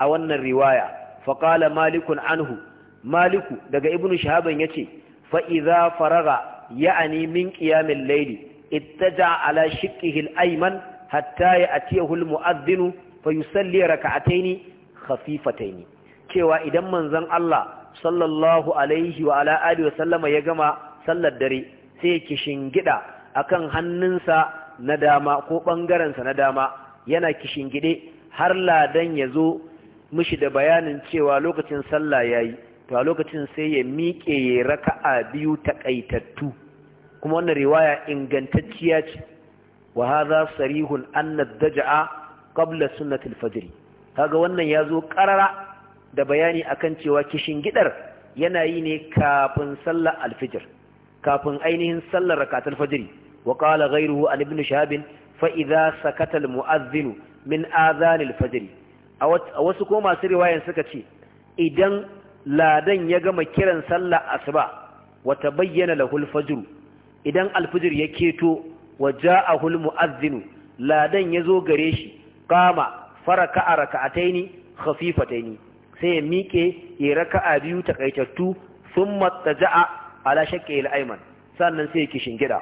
Speaker 1: a wannan riwaya faƙala malikun anhu maliku daga ibnu shahaban ya ce fa'iza faraga ya'ani min ƙiyamin laili ittaja ala shiƙihil aiman hatta ya atiyahul mu'azzinu fa yusalli khafifataini cewa idan manzon Allah sallallahu alaihi wa wa sallama ya gama sallar dare sai kishingida akan hannunsa na dama ko ɓangarensa na dama yana kishin kishingide har ladan ya zo mishi da bayanin cewa lokacin sallah yayi to a lokacin sai ya miƙe ya raka'a biyu taƙaitattu kuma wannan riwaya ingantacciya ce wa hadha sarihun anna daja'a qabla sunnati al-fajr kaga wannan yazo qarara da bayani akan cewa kishin gidar yana yi ne kafin sallar al-fajr kafin ainihin sallar rakatul fajr wa qala ghayruhu an ibn shahab fa idha sakata al-mu'adhdhin min adhan al-fajr a wasu ko masu riwayan suka ce idan ladan ya gama kiran sallah asuba wata bayyana lahul fajr idan alfijir ya keto wa ja'ahul mu'azzinu ladan ya zo gare shi kama faraka a raka'ataini khafifataini sai ya miƙe ya raka'a biyu takaitattu thumma taja'a ala shakki ayman sannan sai ya kishin gida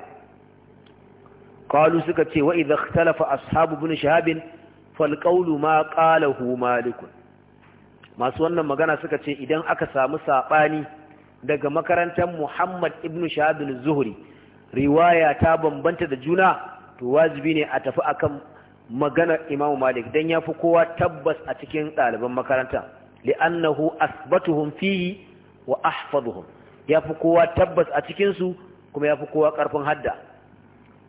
Speaker 1: qalu suka ce wa idha ikhtalafa ashabu ibn shahabin falƙaulu ma ƙalahu malikun masu wannan magana suka ce idan aka samu saɓani daga makarantar muhammad ibn shahadun zuhri riwaya ta bambanta da juna to wajibi ne a tafi akan maganar imamu malik don ya fi kowa tabbas a cikin ɗaliban makaranta li'annahu asbatuhum fihi wa ahfaduhum ya fi kowa tabbas a cikinsu kuma ya fi kowa ƙarfin hadda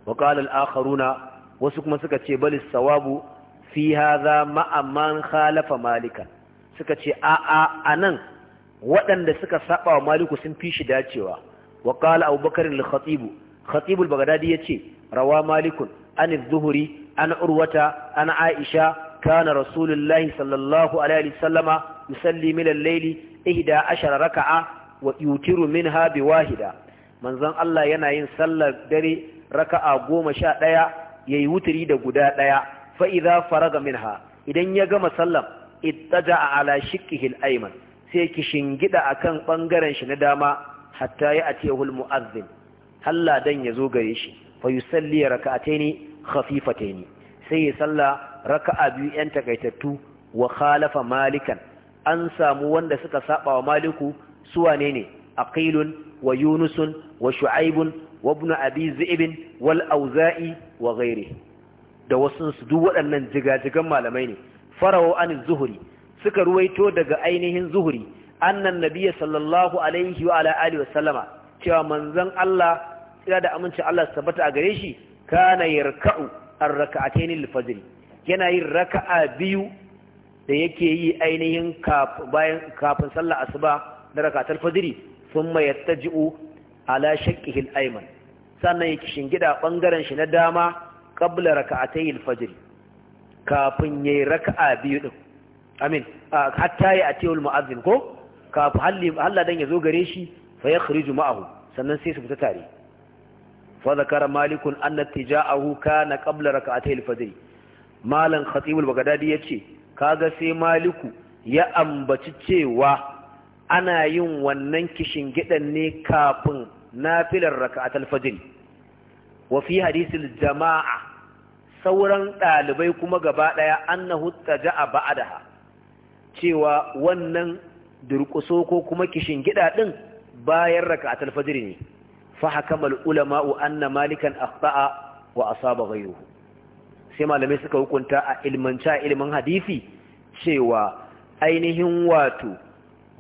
Speaker 1: wa qala akharuna wasu kuma suka ce balis sawabu fi haza ma'amman khalafa malika suka ce a'a anan waɗanda suka saba wa maliku sun fi shi dacewa wa qala abubakar al-khatib khatib al-baghdadi yace rawa malikun an az-zuhri an urwata an aisha kana rasulullahi sallallahu alaihi wasallama yusalli min al-layli 11 raka'a wa yutiru minha bi wahida manzon Allah yana yin sallar dare raka'a 11 yayi wutiri da guda ɗaya fa idza faraga minha idan ya gama sallam ittaja ala shiqqihi al sai ki shingida akan bangaren shi na dama hatta ya atiyahu al-mu'azzin halla dan yazo gare shi fa yusalli raka'ataini khafifataini sai ya salla raka'a biyu yan takaitattu wa khalafa malikan an samu wanda suka saba wa maliku suwane ne aqilun wa yunusun wa shu'aibun wa ibn abi zu'ib wal auza'i wa ghairihi da wasu duk waɗannan jigajigan malamai ne farawo an zuhuri suka ruwaito daga ainihin zuhuri annan nabiyya sallallahu alaihi wa ala alihi wasallama cewa manzon Allah tsira da amincin Allah tabbata a gare shi kana yarka'u ar-rak'atayn al yana yin raka'a biyu da yake yi ainihin bayan kafin sallar asuba na rakatul fajr thumma yattaji'u ala shaqqihi al-ayman sannan yake shingida bangaren shi na dama qabla raka'atayil fajr kafin yayi raka'a biyu din amin hatta ya atiyul ko kafin halli Allah dan yazo gare shi fa yakhriju ma'ahu sannan sai su fita tare fa zakara malikun anna tija'ahu kana qabla raka'atayil fajr malan khatibul bagdadi yace kaga sai maliku ya ambaci cewa ana yin wannan kishin gidan ne kafin nafilar raka'atul fajr wa fi hadisil jama'a sauran ɗalibai kuma gaba ɗaya an na ja a ha, cewa wannan durƙuso ko kuma kishin gida ɗin bayan a talfajir ne fa hakamal ulama'u anna malikan akhta'a wa asaba ghayruhu sai malamai suka hukunta a ilmanci ilmin hadisi cewa ainihin wato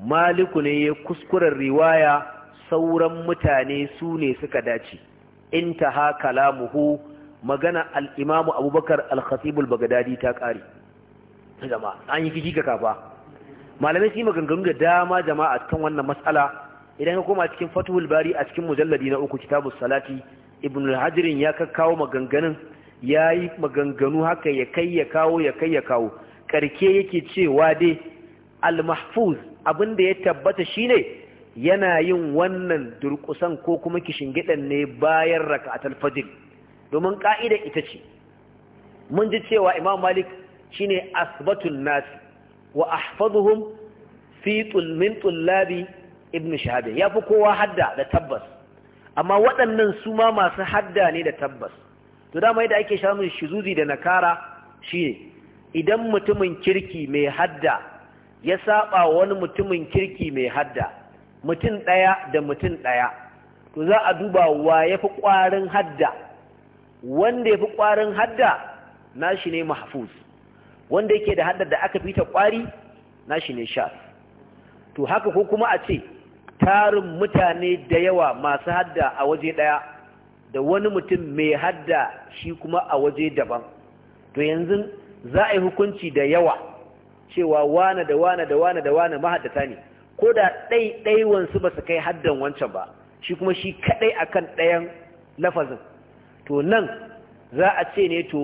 Speaker 1: maliku ne ya kuskuren riwaya sauran mutane su ne suka dace ha kalamuhu magana al'imamu abubakar al-khatibul bagadadi ta ƙari jama'a an yi kiki ga kafa malamai su yi maganganu da dama jama'a cikin wannan matsala idan ka koma cikin fatuhul bari a cikin mujalladi na uku kitabus salati ibn hajirin ya kakkawo maganganun ya yi maganganu haka ya kai ya kawo ya kai ya kawo karke yake cewa dai al-mahfuz abin da ya tabbata shine yana yin wannan durƙusan ko kuma kishin kishingidan ne bayan raka'atul fajr domin ƙa'ida ita ce mun ji cewa imam malik shine asbatun nasi wa ahfazuhum fi min tullabi ibn shahab ya fi kowa hadda da tabbas amma waɗannan su ma masu hadda ne da tabbas to dama yadda ake samun shizuzi da nakara shine idan mutumin kirki mai hadda ya saba wani mutumin kirki mai hadda mutum ɗaya da mutum ɗaya to za a duba wa ya fi ƙwarin hadda wanda ya fi ƙwarin hadda nashi ne mahfuz wanda yake da haddar da aka fita ƙwari nashi ne sha to haka ko kuma a ce tarin mutane da yawa masu hadda a waje ɗaya da wani mutum mai hadda shi kuma a waje daban to yanzu za a yi hukunci da yawa cewa wane da wane da wane da wane mahaddata ne ko da ɗaiɗaiwansu ba su kai haddan wancan ba shi kuma shi kaɗai akan ɗayan lafazin to nan za a ce ne to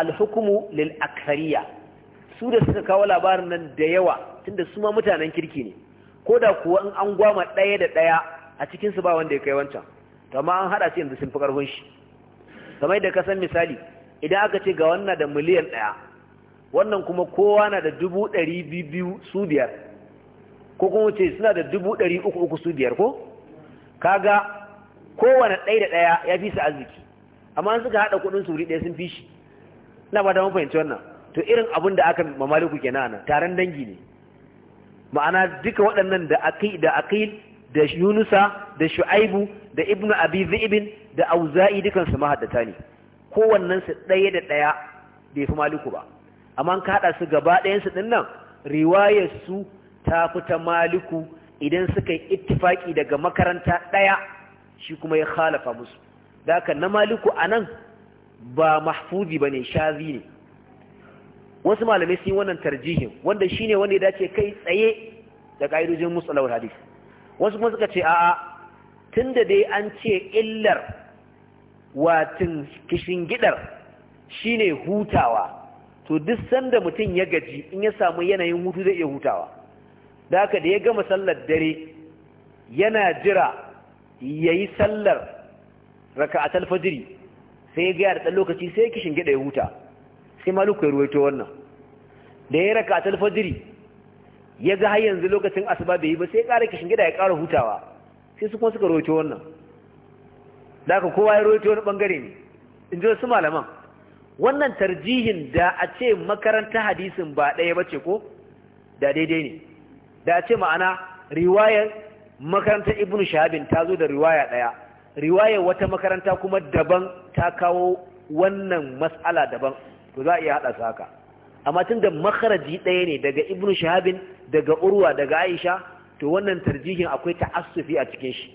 Speaker 1: alhukumu lil akariya su da suka kawo labarin nan da yawa tunda su ma mutanen kirki ne ko da kuwa in an gwama ɗaya da ɗaya a cikinsu ba wanda ya kai wancan to amma an haɗa su yanzu sun fi ƙarfin shi kamar da ka san misali idan aka ce ga wannan da miliyan ɗaya wannan kuma kowa na da dubu ɗari biyu su biyar ko kuma ce suna da dubu ɗari uku uku su biyar ko kaga kowane ɗaya da ɗaya ya fi su arziki amma an suka haɗa kuɗin suri ɗaya sun fi shi na ba da mun wannan to irin abin da aka mamaliku kenan nan taron dangi ne ma'ana duka waɗannan da aqil da akai da yunusa da shu'aibu da ibnu abi zibin da auza'i dukan su mahaddata ne kowannen su ɗaya da ɗaya bai fi maliku ba amma ka haɗa su gaba ɗayan su ɗin nan riwayar su ta fi ta maliku idan suka yi ittifaki daga makaranta ɗaya shi kuma ya khalafa musu da na maliku a nan ba mahfuzi ba ne shazi ne wasu malamai sun yi wannan tarjihin wanda shi ne wanda ya dace kai tsaye da ƙa'idojin musulawar hadis wasu kuma suka ce a'a tun da dai an ce illar watin kishingidar shi ne hutawa to duk sanda mutum ya gaji in ya samu yanayin hutu zai iya hutawa da haka da ya gama sallar dare yana jira ya yi sallar al-fajr sai ga da lokaci sai kishin gida ya huta sai maluku ya ruwaito wannan da ya raka'atul fajri ya ga har yanzu lokacin asuba bai yi ba sai ya ƙara kishin gida ya ƙara hutawa sai su kuma suka ruwaito wannan da ka kowa ya ruwaito wani bangare ne in ji su malaman wannan tarjihin da a ce makaranta hadisin ba ɗaya ba ce ko da daidai ne da a ce ma'ana riwayar makarantar Ibnu shahabin ta zo da riwaya ɗaya riwayar wata makaranta kuma daban ta kawo wannan mas'ala daban to za a iya haɗa su haka amma tun da makaraji ɗaya ne daga ibnu shahabin daga urwa daga aisha to wannan tarjihin akwai ta'assufi a cikin shi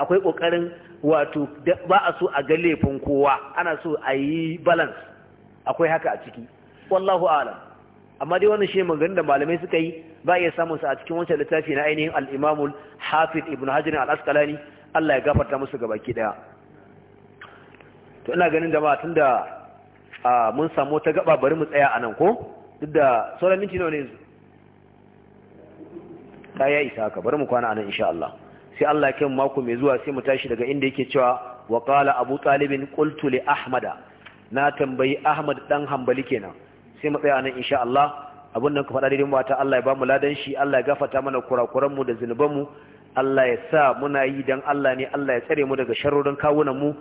Speaker 1: akwai ƙoƙarin wato ba a so a ga laifin kowa ana so a yi balance akwai haka a ciki wallahu alam amma dai wannan shi maganganun da malamai suka yi ba iya samun sa a cikin wancan littafi na ainihin al-imamul hafiz ibnu hajar al-asqalani Allah ya gafarta musu gabaki daya to ina ganin jama'a tunda mun samu ta gaba bari mu tsaya anan ko duk da sauran minti nawa ne yanzu ta ya isa ka? bari mu kwana anan insha Allah sai Allah ya kai mako mai zuwa sai mu tashi daga inda yake cewa wa qala abu talibin qultu li ahmada na tambayi ahmad dan hambali kenan sai mu tsaya anan insha Allah abun nan ku faɗa daidai mu ta Allah ya ba mu ladan shi Allah ya gafarta mana kurakuran mu da zinuban mu Allah ya sa muna yi don Allah ne Allah ya tsare mu daga sharurin kawunan mu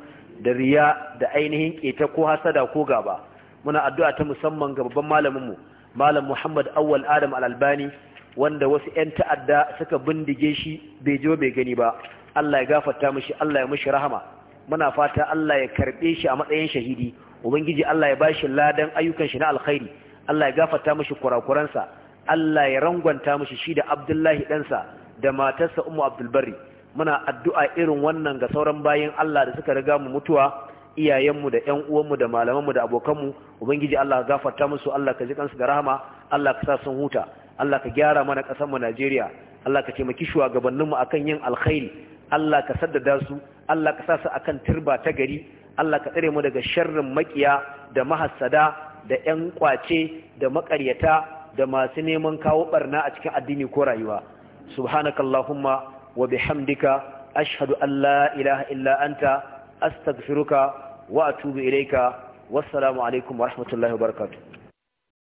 Speaker 1: da riya da ainihin keta ko hasada ko gaba muna addu'a ta musamman ga babban malamin mu malam Muhammad Awwal Adam alalbani wanda wasu 'yan ta'adda suka bindige shi bai jo bai gani ba Allah ya gafarta mishi Allah ya mishi rahama muna fata Allah ya karbe shi a matsayin shahidi ubangiji Allah ya bashi ladan ayyukan shi na alkhairi Allah ya gafarta mishi kurakuransa Allah ya rangwanta mishi shi da Abdullahi ɗansa da matarsa ummu abdulbari muna addu'a irin wannan ga sauran bayan Allah da suka riga mu mutuwa iyayenmu da ƴan uwanmu da malamanmu da abokanmu ubangiji Allah gafarta musu Allah ka ji kansu da rahama Allah ka sa sun huta Allah ka gyara mana ƙasar mu Najeriya Allah ka taimaki shugabanninmu akan yin alkhairi Allah ka saddada su Allah ka sa su akan turba ta gari Allah ka tsare mu daga sharrin makiya da mahassada da ƴan kwace da maƙaryata da masu neman kawo barna a cikin addini ko rayuwa subhanakallahumma wa bihamdika hamdika an la ilaha illa anta astagfiruka wa atubu ilayka wassalamu alaikum wa rahmatullahi wa barakatuh